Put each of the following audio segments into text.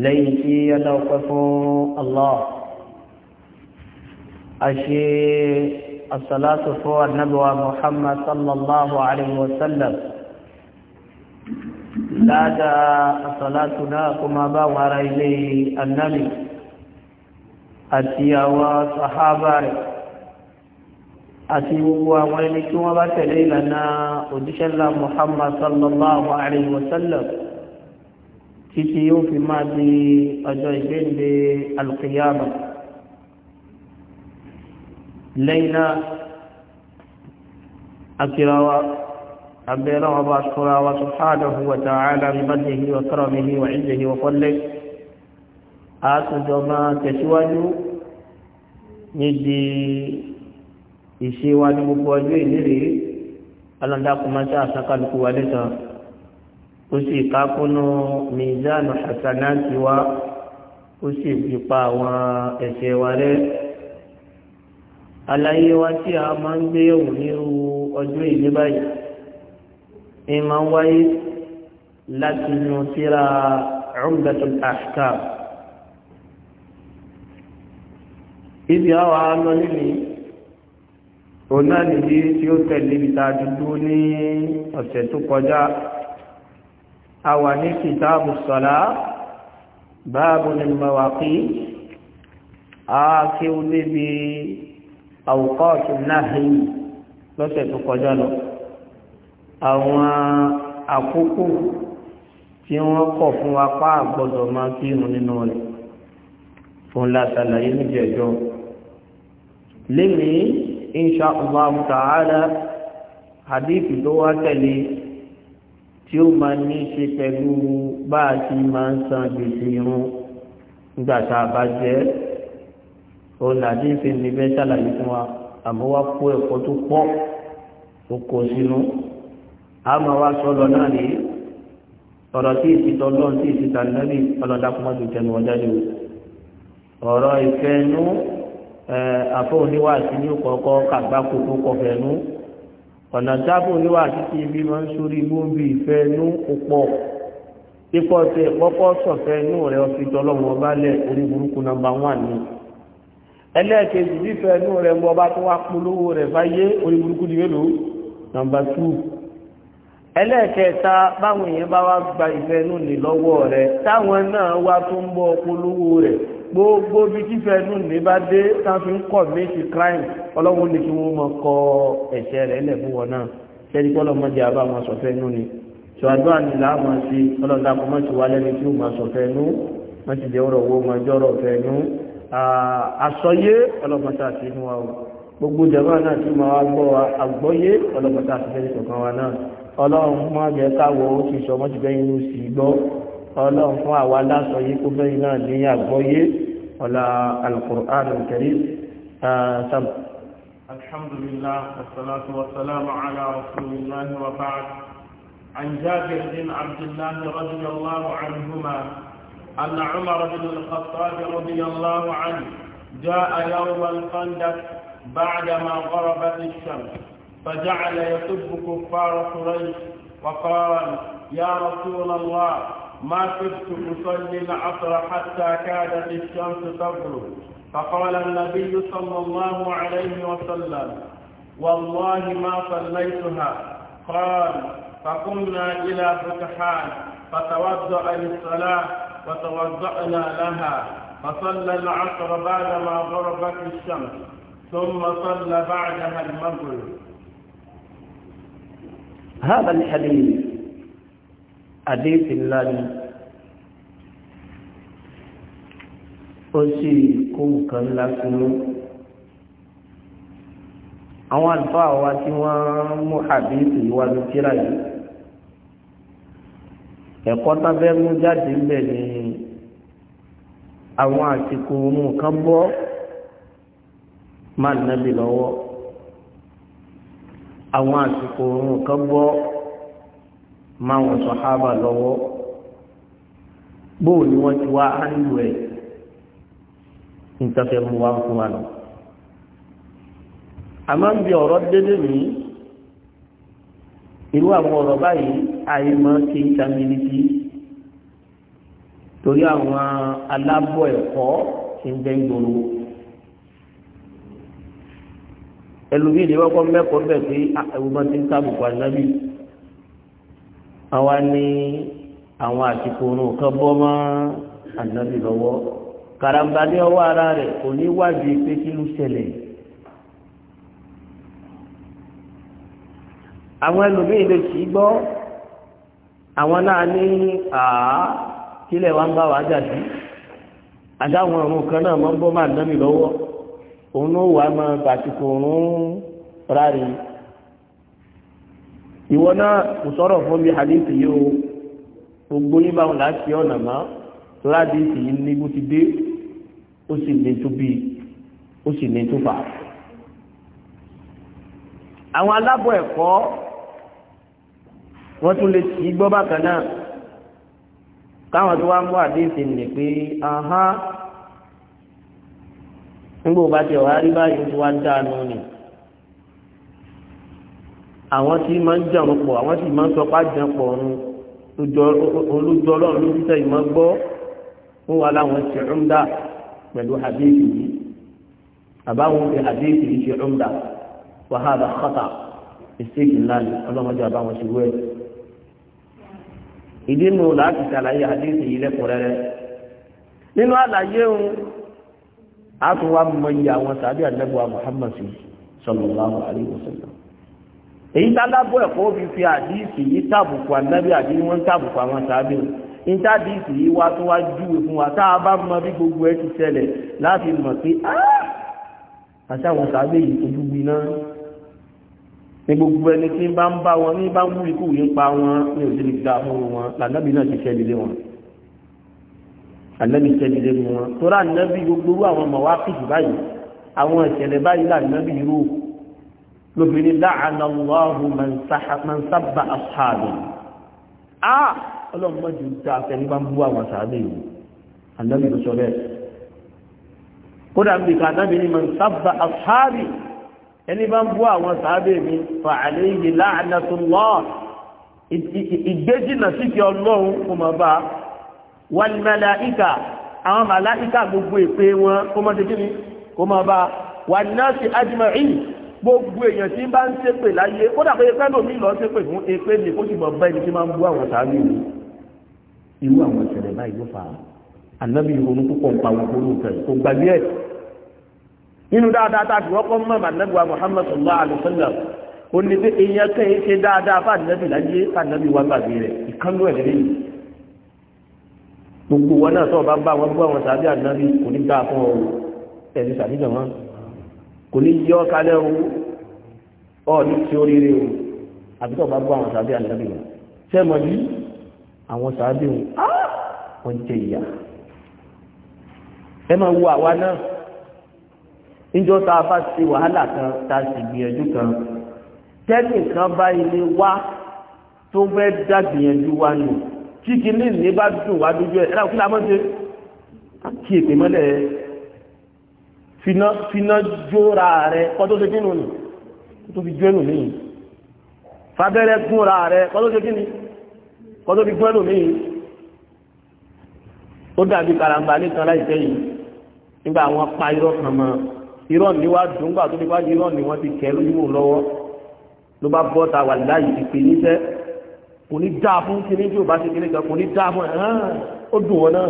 lẹ́yìn tí ọlọ́pẹ́ fún Allah a ṣe asalatu fún annabuwa Muhammad sallallahu alaihi wasallam lága asalatu náà kuma bá wàrà ilé annabi àti àwọn sahaba rẹ̀ àti gbogbo àwọn ẹni tí wọ́n bá tẹ̀lé ìlànà òjíṣẹ́lá Muhammad sallallahu alaihi wasallam títí yóò fi máa di ọjọ́ ìgbéǹde alùkìyàmà lẹ́yìn náà akirawa abẹ́rẹ́ wọn bá ṣọ́ra wa subhanahu wa ta'ala bi madhihi wa karamihi wa izzihi wa fadlihi a tùjọ máa tẹ̀síwájú níbi ìṣe wa ní gbogbo ọjọ́ ìlérí aláǹdàkùnmáṣá àṣàkàlùkù wa lẹ́sàn ó sì kákúnú mizanu hasanati wa ó sì fipá àwọn ẹ̀ṣẹ̀ wa rẹ́ àlàyé wa tí a máa ń gbé yẹ̀wò nírú ọjọ́ ìní báyìí ni máa ń wáyé láti inú síra Umdatul Ahkam ibi àwọn àánú òun náà nìyí tí ó tẹ̀lé ibi tá a ti dúró ní ọ̀sẹ̀ tó kọjá àwa ní kìtàbù sọ́lá báàbù ní mawaqi a kí o lè bí àwùkọ́ọ̀tù náàrí lọ́sẹ̀ tó kọjá lọ àwọn àkókò tí wọ́n kọ̀ fún wa pa àgbọ́dọ̀ máa kí irun nínú rẹ̀ fún insha Allah ta'ala hadithi tó wá tẹ̀lé tí ó máa ní ṣe pẹ̀lú bá a ti máa ń san gbèsè irun nígbà tá a bá jẹ́ òun làdí ìfẹ́ ní bẹ́ẹ̀ ṣàlàyé fún wa àmọ́ wá kó ẹ̀kọ́ tó pọ̀ tó kó sínú a máa wá sọ lọ náà rèé ọ̀rọ̀ tí ìsìtọ́ lọ́n tí ìsìtà lẹ́bí ọlọ́dàkùnmọ́tò tẹnu ọjà lè wò ọ̀rọ̀ ìfẹ́ nú àfọ̀ oníwàásí ní kọ̀ọ̀kọ́ kàgbákò tó kọfẹ́ nú ọ̀nà tábù níwà títí ibi máa ń sórí gbóǹbì ìfẹ́ inú púpọ̀ ipò tẹ kọ́kọ́ sọ̀fẹ́ inú rẹ ọtí tọlọ́mọ ọba lẹ̀ orí burúkú nọ́mbà wàn ni ẹlẹ́ẹ̀kejì bífẹ́ inú rẹ mú ọba tó wá polówó rẹ fáyé orí burúkú ni mélòó nọ́mbà tù ẹlẹ́ẹ̀kẹta báwọn èèyàn bá wá gba ìfẹ́ inú nì lọ́wọ́ rẹ táwọn náà wá tó ń bọ́ polówó rẹ gbogbo bí fífẹ́ inú ní bá dé tá fi ń kọ̀ méjì crime ọlọ́run ní kí wọ́n mọ kọ ẹ̀ṣẹ̀ rẹ̀ lẹ̀ fún wọn náà ṣẹ́ni kí ọlọ́mọ jẹ́ àbá wọn sọ̀fẹ́ inú ni ṣòwádó ànílá wọn sí ọlọ́dà kọ́ mọ́ ti wá lẹ́ni tí ó máa sọ̀fẹ́ inú wọ́n ti jẹ́ ọ̀rọ̀ owó máa jọ́ ọ̀rọ̀ ọ̀fẹ́ inú àsọyé ọlọ́mọta sí inú wa o gbogbo jẹ̀mọ́ náà tí máa gbọ́ àgbọ́yé ọlọ́mọta sí fẹ́ ọlọ́run fún àwa lásọ yìí kó bẹ́yìn náà ní àgbọ́yé ọlá al-Qur'an al-Karim sam. alhamdulillah wassalatu wassalamu ala rasulillah wa ba'd an jabir bin abdullah radiyallahu anhuma أن عمر بن الخطاب رضي الله عنه جاء يوم الخندق بعدما غربت الشمس فجعل يسب كفار قريش وقال يا رسول الله ما كنت أصلي العصر حتى كادت الشمس تغرب فقال النبي صلى الله عليه وسلم والله ما صليتها قال فقمنا إلى فتحان فتوضأ للصلاة وتوضأنا لها فصلى العصر بعدما غربت الشمس ثم صلى بعدها المغرب هذا الحديث àdéhìsì ńlá ni ó sì kó nǹkan ńlá sínú àwọn àlùfáà wa tí wọ́n mú àdéhìsì wá ní tíra yìí ẹ̀kọ́ tábẹ́ mú jáde ńbẹ̀ ni àwọn àsìkò mú nǹkan bọ́ máa nàbì lọ́wọ́ àwọn àsìkò mú nǹkan bọ́ máwọn sọ̀hábà lọ́wọ́ bóò ni wọ́n ti wá áńlù ẹ̀ nítafẹ́ mú wá fún wa lọ. a máa ń bi ọ̀rọ̀ dédé mi irú àwọn ọ̀rọ̀ báyìí àìmọ́ kí n ta mi níbi torí àwọn alábọ̀ ẹ̀kọ́ ti ń bẹ́ ń gbòòrò ẹlòmíì ni wọ́n kọ́ mẹ́kọ̀ọ́ bẹ̀ pé ah, ẹ̀wùmọ́ ti ń sábùkù ànábì. àwa ní àwọn àsìkò òrùn kan bọ́ mọ́ ànábì lọ́wọ́ karambani ọwọ́ ara rẹ̀ kò ní wádìí pé kí ló ṣẹlẹ̀ àwọn ẹlòmíì lè sì gbọ́ àwọn náà ní àá kílẹ̀ wa ń bá wa jà sí àdáwọn ọ̀run kan náà ń bọ́ mọ́ lọ́wọ́ ìwọ náà kò sọ̀rọ̀ fún mi àdéhùn yìí o gbogbo yín báwọn láti ọ̀nà mọ́ láti ìsìn ní bó ti dé ó sì lè tó bí ó sì lè tó fà. àwọn alábọ̀ ẹ̀kọ́ wọ́n tún lè sí gbọ́ bákan náà káwọn tó wá ń bọ́ àdéhùn nì pé ahán nígbà bá ti ọ̀há rí báyìí tó wá dáa nù nìyí àwọn tí máa ń jẹun pọ̀ àwọn tí máa ń sọpá jẹun pọ̀ ọ̀run olójú ọlọ́run ló títẹ̀ ìmọ̀ gbọ́ ó wà láwọn ṣe ọ̀mdà pẹ̀lú àdéhìí yìí àbáwọn fi àdéhìí yìí ṣe ọ̀mdà wàhálà kọ́tà mistake ńlá ni ọlọ́mọdé àbáwọn ṣe wẹ́ẹ̀. ìdí nu láti ṣàlàyé àdéhìí yìí lẹ́kùnrẹ́rẹ́ nínú àlàyé òun a mọ iye àwọn sàbí àdẹ́gbọ́ èyí tálábọ̀ ẹ̀kọ́ fi fi àdíìsì yìí tàbùkù ànábì àbí wọ́n tàbùkù àwọn sábẹ́ o ìtàdíìsì yìí wá tó wá júwe fún wa tá a bá mọ bí gbogbo ẹ ti ṣẹlẹ̀ láti mọ̀ pé àṣà àwọn sábẹ́ yìí tó dúgbì náà ní gbogbo ẹni tí bá ń bá wọn ní bá ń wú ikú yìí pa wọn ní òṣèlú ìgbà fún wọn lànàbì náà ti ṣẹlẹ̀ lé wọn ànábì ṣẹlẹ̀ lé wọn tó rà ànábì gbogbo àwọn mọ̀wá kìtì báyìí lóbìnrin láàánà Allahu man sábà aṣáàbì ah ọlọ́run mọ́jú ta àfẹ́ni bá ń bú àwọn sàábì yìí àdábì tó sọ bẹ́ẹ̀ kódà ń bì ká àdábì ni man sábà aṣáàbì ẹni bá ń bú àwọn sàábì mi fa alayhi la'natullah ìgbéjìnà sí ti ọlọ́run kò mọ̀ bá wal màláìkà àwọn màláìkà gbogbo ìpè wọn kó mọ̀ gbogbo èèyàn tí bá ń ṣépè láyé kódà pé ẹgbẹ́ lómi lọ ṣépè fún èpè ní kó sì mọ̀ bá ẹni tí máa ń bú àwọn sàárì ìlú irú àwọn ìṣẹ̀lẹ̀ báyìí ló fà á ànábì ìrònú púpọ̀ ń pa àwọn olóòtú ẹ̀ kò gbàgbé ẹ̀ nínú dáadáa tá a fi wọ́pọ̀ mọ́ ànábìwá Muhammad sallallahu alaihi wasallam ó ní pé èèyàn kan yìí ṣe dáadáa fún ànábì láyé ànábì wá gbàgbé rẹ̀ ìkánú ẹ̀ lẹ́yìn gbogbo wọn náà sọ̀rọ̀ bá bá wọn bú àwọn sàárì ànábì kò ní dáa fún ọ ẹ̀sìn sàbíjọ wọn kò ní yọ kalẹ̀ o ọ ní tí ó rere o àbí tó bá gbọ́ àwọn sàbí ànábì wọn ṣé mọ̀ bí àwọn sàbí wọn á wọ́n jẹ ìyà ẹ máa wo àwa náà níjọ́ tá a bá ṣe wàhálà kan tá a sì gbìyànjú kan tẹ́nìkan bá ilé wá tó ń fẹ́ dàgbìyànjú wa nù tí kìíní ní bá dùn wá dójú ẹ̀ ẹ̀rọ kí la mọ̀ ṣe kí èpè mọ́lẹ̀ ẹ̀ fina fina jóra rẹ kọ́tọ́ ṣe kínú ni tó fi jó ẹnu níyìn fabẹ́rẹ́ gúnra rẹ kọ́tọ́ ṣe kíni kọ́tọ́ fi gún ẹnu níyìn ó dàbí karambà nìkan láìpẹ́ yìí nígbà wọn pa irọ́ kan mọ́ irọ́ ni wá dùn gbà tó fi wá irọ́ ni wọ́n ti kẹ́ lóyún lọ́wọ́ ló bá bọ́ ta wà láyìí ti pè ní sẹ́ kò ní dáa fún kíní tí ò bá ṣe kíní kan kò ní dáa fún ẹ̀ hàn ó dùn wọn náà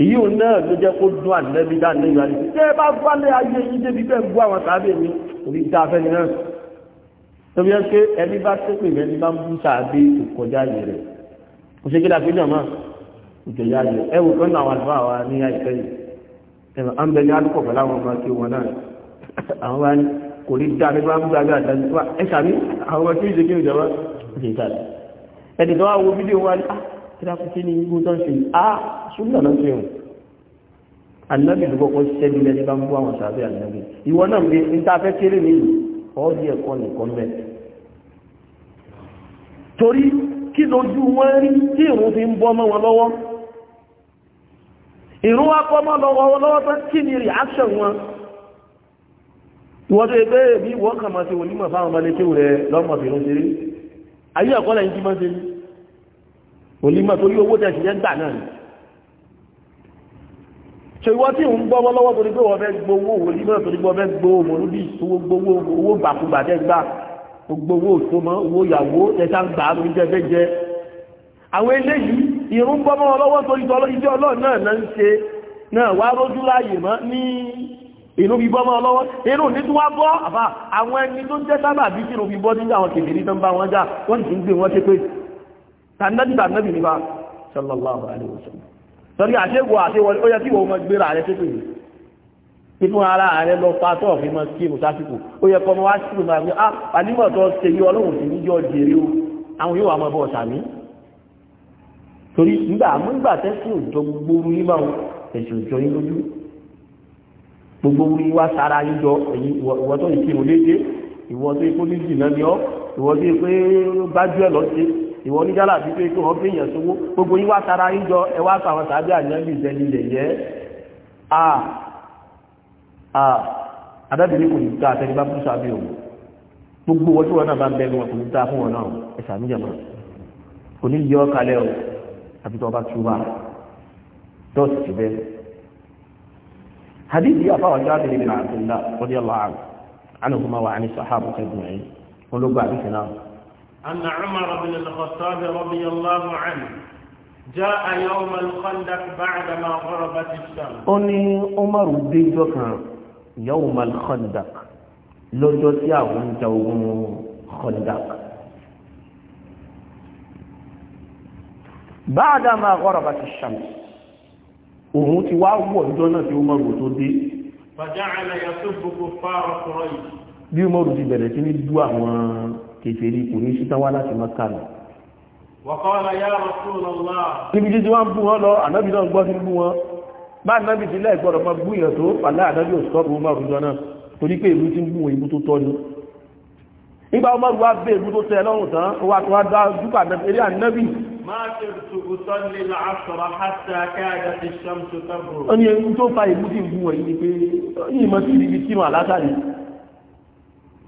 èyí ò náà ló jẹ́ kó dún àdínẹ́bí dáadé ìgbà ní ṣe bá gbálẹ̀ ayé yìí débi bẹ́ẹ̀ gbọ́ àwọn sàábẹ̀ mi orí dá afẹ́ni náà tó bí ẹ́ pé ẹni bá ṣépè ẹni bá ń bú sàábẹ̀ kò kọjá yìí rẹ̀ kò ṣe kí láti náà máa kò kọjá yìí ẹ wò kán àwọn àlùfáà wa ní àìpẹ́ yìí ẹ̀rọ à ń bẹ ní alùpọ̀ pẹ̀lú àwọn ọmọ kí wọn náà àwọn kíláàkùtì ní igun tó ń ṣe á súnà ló ń ṣe hùn ànábì ló kọ́kọ́ ṣiṣẹ́ bí lẹ́ni bá ń bú àwọn sàbẹ̀ ànábì ìwọ náà bí n ta fẹ́ kéré nìyí ọ́ọ́dì ẹ̀kọ́ nìkan mẹ́ torí kí lójú wọn rí tí ìrún fi ń bọ́ mọ́ wọn lọ́wọ́ ìrún wa kọ́ mọ́ lọ́wọ́ lọ́wọ́ tó kí ni reaction wọn ìwọ́n tó yẹ pé bí wọ́n kàn máa ṣe onímọ̀ fáwọn ọmọdé kéwù rẹ̀ lọ́mọbìnrin ṣeré ayé ẹ̀kọ́ lẹ́yìn tí máa ṣe onímọ̀ torí owó tẹ̀sí jẹ́ gbà náà ni ṣe ìwọ́n tí ń gbọ́ lọ́wọ́ torí pé wọ́n fẹ́ gbowó onímọ̀ torí pé wọ́n fẹ́ gbowó mọ̀lúbí gbowó owó gbàkúgbà tẹ́ gbà gbogbo owó òṣòmọ́ owó ìyàwó tẹ́sà gbà á lórí jẹ́fẹ́ jẹ́ àwọn eléyìí ìrún gbọ́ lọ́wọ́ torí ìjọ ọlọ́run náà náà ń ṣe náà wá rójú láàyè mọ́ ní inú bí bọ́ máa lọ́wọ́ inú ní tí wọ́n bọ́ àwọn ẹni tó ń jẹ́ sábà bí kí inú bí bọ́ nígbà àwọn kèfèrí tó ń bá wọn já wọ́n sì ń gbé wọn ṣépè tànàbí tànàbí ní bá sallallahu alaihi wasallam torí àṣẹ́gbò àṣẹ́wọlé ó yẹ tí wọ́n mọ́ gbéra rẹ̀ tó pèlú ìfún ara rẹ̀ lọ pàtọ́ fi mọ́ kí mùsásíkò ó yẹ kọ́ wá sí ìmọ̀ àgbẹ̀ ah, ànímọ̀ tó ṣe yí ọlọ́run sí níjọ́ jèrè o àwọn yóò wà mọ́ bọ́ sàmí torí nígbà nígbà tẹ́sí ìwọ oníjàlá àbí pé kí wọ́n fi èèyàn sówó gbogbo yín wá tara yín jọ ẹ wá sọ àwọn tàbí àyànjú ìzẹni ilẹ̀ yẹ a a adábìnrin kò ní ta àtẹni bá fún sábẹ́ òun gbogbo wọn tí wọn náà bá ń bẹ wọn kò ní ta fún wọn náà ẹ sàmìjàmọ kò ní yọ kalẹ̀ o àbí tí wọn bá túbà dọ́ọ̀sì ti bẹ́ẹ̀ hadith yìí àfáwọn jáde nínú àtúndà wọ́n di أن عمر بن الخطاب رضي الله عنه جاء يوم الخندق بعدما غربت الشمس أني عمر بن بيجوك يوم الخندق لجو يوم جوهم خندق بعدما غربت الشمس òun ti wá wọ̀ ìjọ náà tí ó mọ̀rù tó dé فجعل يسب كفار قريش bí ó mọ̀rù ti bẹ̀rẹ̀ sí ní dú àwọn kèfèrí kò ní ṣítán wá láti mọ́ká lọ níbi títí wọ́n bú wọn lọ ànábì náà gbọ́ sí bú wọn bá ànábì tí lẹ́ gbọ́dọ̀ máa bú ìyàn tó pàlá ànábì ò sọ́pù wọn márùn jọ náà torí pé ìlú ti ń bú wọn ìbú tó tọ́ ni nígbà wọn márùn wá ìbú tó tẹ lọ́rùn tán ó tó wá dá dúpà eré ànábì ó ní tó fa ìbú tí ń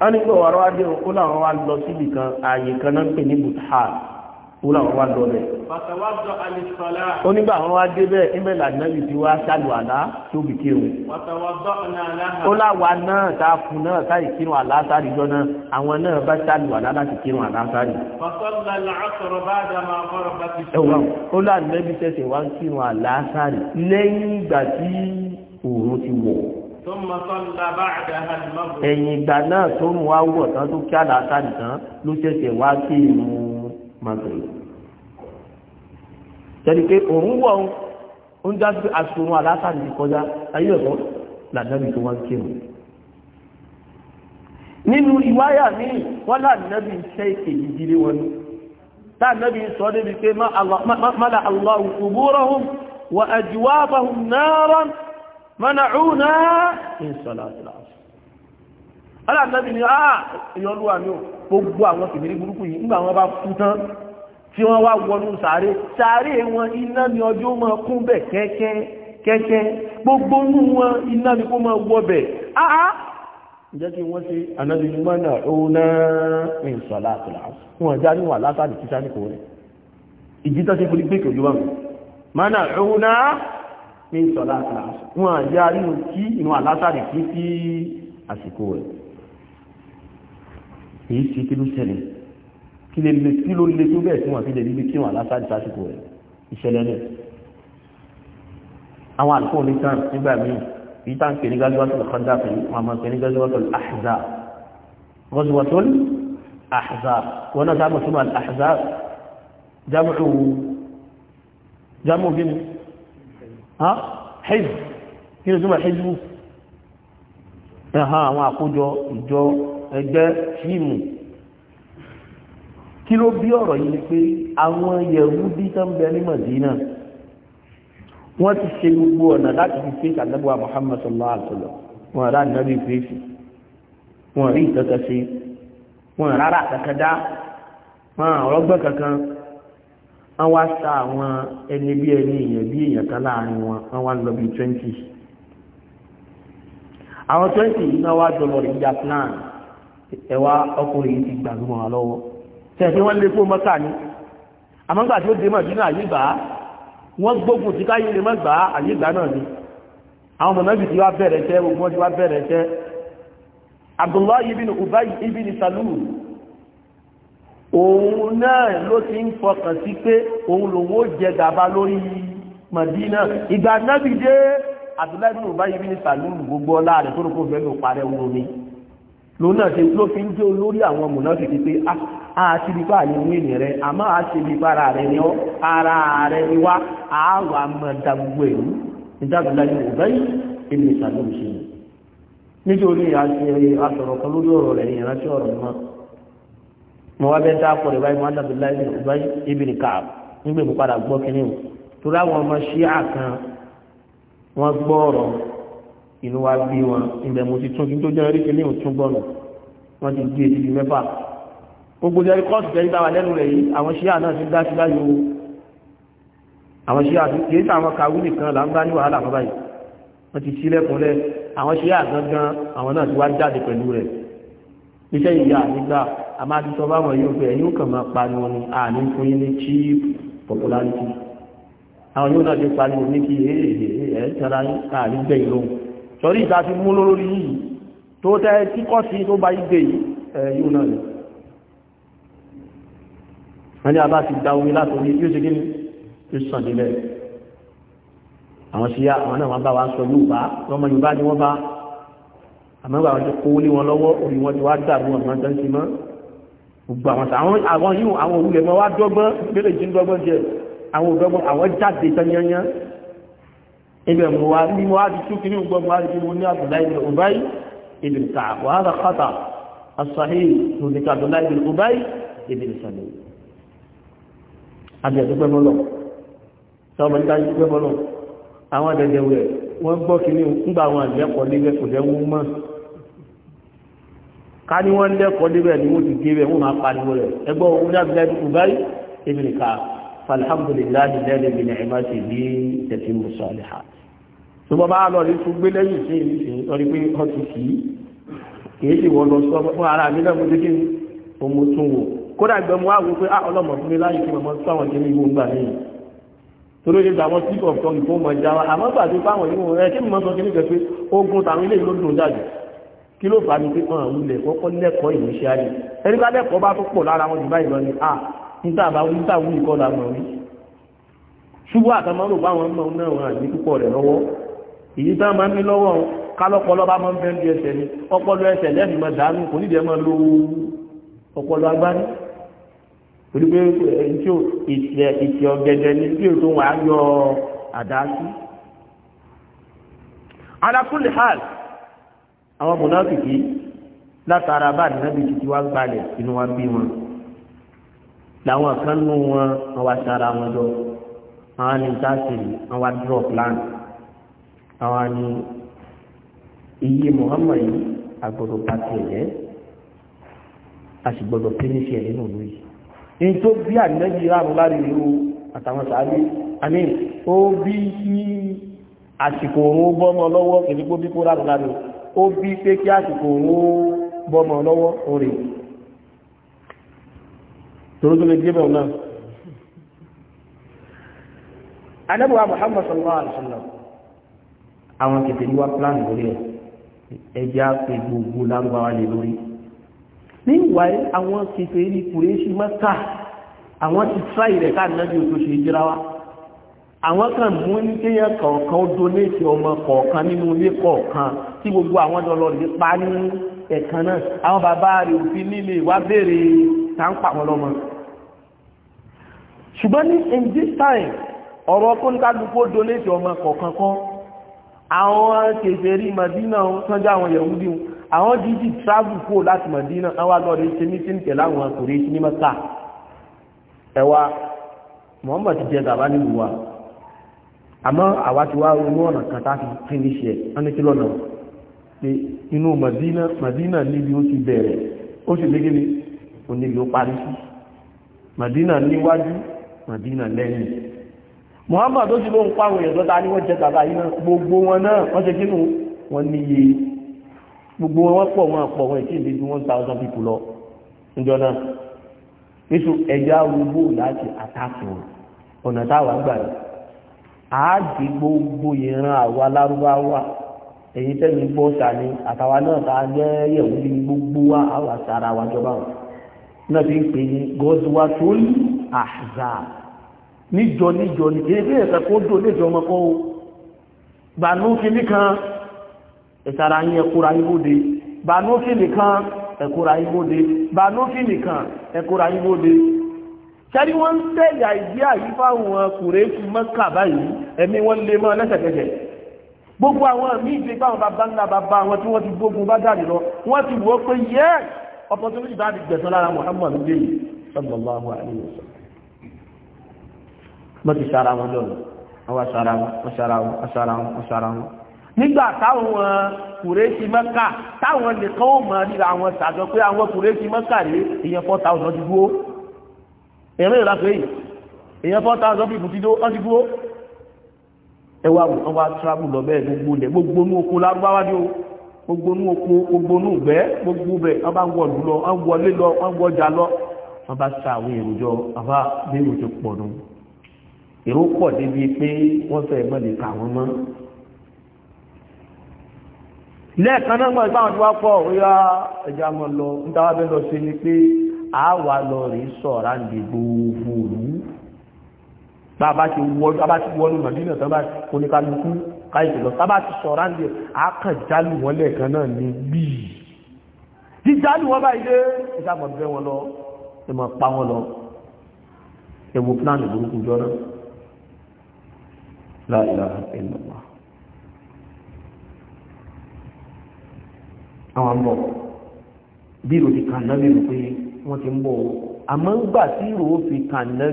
wọ́n ní pé ọ̀rọ̀ adé ó láwọn wá lọ síbi kan ààyè kan náà ń pè ní buthar ó láwọn wá lọ bẹ̀. ó nígbà àwọn wá dé bẹ́ẹ̀ níbẹ̀ làdínàbì tí wá ṣàlù àlá tí ó bì kí òun. ó láwa náà tá fún náà tá ìkírun àlá sáré jọ náà àwọn náà bá ṣàlù àlá láti kírun àlá sáré. ẹ̀wọ̀n ó làdínàbì tẹ̀sẹ̀ wá ń kírun àlá sáré lẹ́yìn ẹ̀yìn ìgbà náà tó mú wá wọ̀ tán tó kí àlàáta nìkan ló ṣẹ̀ṣẹ̀ wá sí ìlú màgbẹ̀. tẹ̀lé pé òun wọ̀ ó ń dájú àsùnwọ̀n àlàáta nìkan kọjá ayé ẹ̀kọ́ làdábì tó wá kírun. nínú ìwáyà mi wọ́n làdábì iṣẹ́ ìpè ìdílé wọn ni táàbí sọ débi pé mọ́lá aláwọ̀ kùbúrọ̀hùn wà àjùwábàhùn náírà mọ́nàúnà ìsọ̀lá àtìláàsì aláàbẹ̀bì ni àà ìyọlúwà ní gbogbo àwọn kìmìrí burúkú yìí nígbà bá kú tí wọ́n wá wọnú sàárè sàárè wọn iná ni ọjọ́ mọ́ kún gbogbo nú wọn iná ni kó mọ́ wọbẹ̀ àà ní sọ̀lá àtàlásù wọn àjá nínú kí inú àlásàrì kí sí àsìkò rẹ̀ èyí sí kí ló ṣẹlẹ̀ kí lè lè kí ló lè tó bẹ́ẹ̀ tí wọ́n fi lè rí kí wọ́n àlásàrì sásìkò rẹ̀ ìṣẹ̀lẹ̀ rẹ̀ àwọn àlùfóò ní tán nígbà míì èyí tá ń ní gájúwátò kọjá pé wọn máa ń ní gájúwátò àhìzá hezb kí ni tó máa hezb ẹ̀hàn àwọn àkójọ ìjọ ẹgbẹ́ fíìmù kí ló bí ọ̀rọ̀ yìí ni pé àwọn Yẹhudi tó ń bẹ ní Madina wọ́n ti ṣe gbogbo ọ̀nà láti fi fèsì àdẹ́bùwà Muhammad sallallahu alaihi wa sallam wọn rà rárá kankan dá wọ́n wá sa àwọn ẹni bí ẹni èèyàn bí èèyàn kan láàrin wọn wọ́n wá lọ bí twenty àwọn twenty yìí náà wá jọ lọ rí ìjà plan ẹ̀wá ọkùnrin yìí ti gbàgbọ́ wọn lọ́wọ́ tẹ̀sí wọ́n lé fún mọ́tà ni àmọ́ gbà tí ó dé mọ̀ sínú àyíbá wọ́n gbógun tí káyé lè mọ́ gbà àyíbá náà ni àwọn mọ̀nàbí ti wá bẹ̀rẹ̀ tẹ́ gbogbo wọn ti wá bẹ̀rẹ̀ tẹ́ Abdullahi ibn Ubay ibn Salul òun náà ló ti ń fọkàn sí pé òun lòun jẹ gàba lórí Madina ìgbà nábì dé Abdullahi bin Ubayy bin Salul gbogbo ọlá rẹ̀ tó lóko fẹ́ẹ́ lò parẹ́ wọn ni lòun náà ṣe ló fi ń jẹ́ olórí àwọn mùnáfíkì pé ah, a ti di pa àyè ní ènìyàn rẹ àmọ́ a ṣe di para rẹ ni ọ ara rẹ ni wá a wà mọ̀ da gbogbo ìlú nígbà Abdullahi bin Ubayy bin Salul ṣe nítorí àṣẹ àṣọ̀rọ̀ kan lórí ọ̀rọ̀ rẹ̀ ìrántí ọ̀rọ̀ náà mo wá bẹ́ẹ̀ dáàpọ̀ rẹ̀ báyìí muhammed abdullahi ibn ibn kaab nígbè mo gbọ́ kínní o torí àwọn ọmọ ṣíà kan wọ́n gbọ́ ọ̀rọ̀ inú wa bí wọn ìbẹ̀ mo ti tún kí n tó jẹ́ rí kínní o tún gbọ́nà wọ́n ti gbé ìdíbi e mẹ́fà gbogbo jẹ́rí kọ́ọ̀sì jẹ́rí dáwà lẹ́nu rẹ̀ yìí àwọn ṣíà náà ti dá sí báyìí o àwọn ṣíà kìí sàwọn kàwú nìkan là ń bá ní wàhálà kan báyìí wọ́n ti sílẹ̀kùnlẹ̀ àwọn ṣíà gangan àwọn náà ti wá jáde pẹ̀lú rẹ̀ iṣẹ́ ìyá nígbà àmọ́ àti sọ báwọn yóò fẹ́ yóò kàn máa pariwo ni àní fún yín ní cheap popularity àwọn yóò náà ti pariwo ní kí ẹ tẹ́ra àní gbẹ̀yìn lóhun sọrí ìta ti mú lórí yìí tó tẹ́ kíkọ́ sí tó bá yí gbẹ̀yìn yóò náà ni wọ́n ní a bá ti da omi látòrí yóò ṣe kí ni yóò sàn nílẹ̀ àwọn síyá àwọn náà wọ́n bá wa sọ yóò bá lọ́mọ Yorùbá ni wọ́n bá àmọ́ àwọn ti kó lé wọn gbogbo àwọn àwọn àwọn yíò àwọn òwúlẹ̀ mọ́ wá dọ́gbọ́n bẹ́rẹ̀ jí ń dọ́gbọ́n jẹ àwọn òdọ́gbọ́n àwọn jáde tanyanyan ibẹ̀ mọ́ wá ní mọ́ wá di túnkì ní ọgbọ́n mọ́ wá di mọ́ ní Abdullahi ibn Ubay ibn Ka'b wa hadha khata as-sahih lórí Abdullahi ibn Ubay ibn Salul abẹ́ ẹ̀dúgbẹ́ mọ́lọ̀ sọ́mọ́ ní táyé dúgbẹ́ mọ́lọ̀ àwọn àdẹ̀dẹ̀wẹ̀ wọ́n gbọ́ kìíní ń àwọn àgbẹ̀kọ̀ Kani ní wọ́n lẹ́kọ̀ọ́ ni wọ́n ti gé bẹ̀ wọ́n máa pariwo rẹ̀ ẹgbọ́ wọn dábì láti Ubay ibn Ka'b falhamdulilayi lẹ́lẹ́ bi nàìjíríà ti di tẹ̀sí mùsọ̀lẹ̀ ha tó bá bá lọ rí fún gbélẹ́yìn sí ìrísí lórí pé wọ́n ti kì í kìí sì wọ́n lọ sọ fún ara mi náà mo ti kí mo tún wò kódà gbẹ mu àwọn pé ah, ọlọ́mọ fún mi láyé kí mọ̀mọ́ sọ àwọn kìíní ìwò ńgbà mí torí ìgbà wọn sí ọ̀tọ̀ ìfowópamọ́ jáwa àmọ́ gbàdúrà fáwọn ìwò rẹ̀ kí mọ̀ sọ kìíní kẹ pé ogun tàwọn ilé ìlú dùn dájú kí ló fà á ní pé hàn wulẹ̀ kọ́kọ́ lẹ́kọ̀ọ́ ìwé ṣe ayé ẹni bá lẹ́kọ̀ọ́ bá tó pọ̀ lára wọn jù báyìí lọ ni ah níta bá wí níta wí ìkọ́ la mọ̀ wí. ṣùgbọ́n àtàmọ́rò bá wọn mọ̀ náà wọn àti púpọ̀ rẹ̀ lọ́wọ́ èyí tá a máa ń ní lọ́wọ́ kálọ́pọ̀lọ́ bá máa ń fẹ́ bí ẹsẹ̀ ni ọpọlọ ẹsẹ̀ lẹ́nu máa dànù kò nídìí ẹ máa lo ọpọlọ agbárí torí pé ìtì ọ̀gẹ̀dẹ̀ ni bí ètò wàá yọ àdá sí. ala kulli hal àwọn mùnáfìkì látara bá ànábì títí wá gbalẹ̀ inú wa bí wọn làwọn kan nù wọn wọn wá sára wọn jọ àwọn ní sáàsìrì wọn wá drop land àwọn ní iye Muhammad yìí agbọ́dọ̀ bá tiẹ̀ jẹ́ a sì gbọ́dọ̀ pínísì ẹ̀ nínú ìlú yìí ní tó bí ànábì ráàmù láàrin ìlú àtàwọn sàárè àmì ó bí sí àsìkò òun bọ́mọ lọ́wọ́ kìlípò bí kó ráàmù láàrin ó bí pé kí àsìkò òun bọ́mọ lọ́wọ́ orin torí tó náà anábùwà Muhammad sallallahu alaihi wasallam àwọn kẹfẹ́ ní wá pílánì lórí ẹ̀ ẹjẹ́ àpè gbogbo lárúbáwá lè lórí ní ìwà àwọn kẹfẹ́ ní kùrẹ́ṣì mọ́ta àwọn ti tíráì rẹ̀ ka tó ṣe kan mú ní kọ̀ọ̀kan ó ọmọ kọ̀ọ̀kan nínú ilé kọ̀ọ̀kan tí gbogbo àwọn ọ̀dọ́ lọ́rọ̀ nípa ní ẹ̀kan náà àwọn bàbá rẹ̀ òfin nílé wá béèrè táǹpà wọn lọ́mọ ṣùgbọ́n ní in this time ọ̀rọ̀ kó ní kálukú donate ọmọ kọ̀ọ̀kan kan àwọn kèfèrí Madina sanjá àwọn Yahudi àwọn jíjì travel kó láti Madina àwọn alọ́rẹ̀ ṣe meeting pẹ̀lú àwọn akòrè ní mẹ́ta ẹwà Muhammad ti jẹ́ gàbá nílùú wa àmọ́ àwa ti wá ronú ọ̀nà kan tá fi finish ẹ̀ ọ́nà kí lọ́nà pé inú Madina Madina níbi ó ti bẹ̀rẹ̀ ó sì lége ní oníbi ó parí sí Madina níwájú Madina lẹ́yìn Muhammad ó sì ló ń pàwọn èèyàn lọ́ta ní wọ́n jẹ tàbá yìí náà gbogbo wọn náà wọ́n ṣe kínú wọn níye gbogbo wọn pọ̀ wọn pọ̀ wọn ìtí ìdí one thousand people lọ níjọ náà nítorí ẹja rúgbó láti àtàkì wọn ọ̀nà táwa gbà yìí àádìí gbogbo ìran àwa lárúbáwá èyí tẹ́mi gbọ́ sani àtàwa náà ta jẹ́ yẹ̀wò ní gbogbo wa àwọn àtàrà wa jọba wọn náà fi ń pè ní gọ́dùwà tó ní àzà níjọ níjọ ní kí ẹgbẹ́ ẹ̀ka kó dò léjọ ọmọkọ́ o bànú kìíní kan ìtara yín ẹkúra yín bóde bànú kìíní kan ẹkúra yín bóde bànú kìíní kan ẹkúra yín bóde sẹ́ni wọ́n ń tẹ̀yà ìdí àyífáwọn kùrẹ́sì mọ́kà báyìí ẹ̀mí wọ́n lé mọ́ lẹ́sẹ̀kẹsẹ̀ gbogbo àwọn míì fi báwọn bàbá ńlá bàbá àwọn tí wọ́n ti gbógun bá dàrí lọ wọ́n ti wọ́ pé yẹ́ opportunity bá ti gbẹ̀sán lára Muhammad léyìí sallallahu alaihi wasallam wọ́n ti sára wọn lọ́nà àwọn asára wọn asára wọn asára wọn asára wọn nígbà táwọn kùrẹ́sì mẹ́kà táwọn nìkan ó mọ̀ nígbà àwọn sàjọ pé àwọn kùrẹ́sì mẹ́kà rí èèyàn four thousand ti dúró èèyàn mẹ́rin lápẹ́ èèyàn four thousand ti dúró ẹwà wọn wá tíráàbù lọ bẹ́ẹ̀ gbogbo ilẹ̀ gbogbo ní oko lárúbáwá ni o gbogbo ní oko gbogbo ní ìgbẹ́ gbogbo bẹ̀ wọ́n bá ń wọ̀ lù lọ wọ́n ń wọlé lọ wọ́n ń wọjà lọ wọ́n bá sa àwọn èròjọ àbá bẹ́ẹ̀rù ti pọ̀ nù èrò pọ̀ débi pé wọ́n fẹ́ mọ́ lè kà wọ́n mọ́ lẹ́ẹ̀kan náà mọ̀ ìbáwọn tí wọ́n pọ̀ ríra ẹja mọ́ lọ ń dáwà bẹ́ẹ̀ lọ sí ni pé àá wà lọ rí sọ̀rá ní gbogbo òru bàbá ti wọnú màdínà tán bá oníkálukú káyìí lọ tábà ti sọ̀rọ̀ àǹdí àkànjálù wọn lẹ́ẹ̀kan náà ní bíi jíjálù wọn bá ilé ìsàmọ̀ bẹ́ wọn lọ ìmọ̀ pa wọn lọ ewu plan burúkú jọ́nà la ilaha illallah àwọn mọ̀ bí ìròyìn kan náà lè rò pé wọ́n ti ń bọ̀ àmọ́ ń gbà tí ìrò ó fi kan náà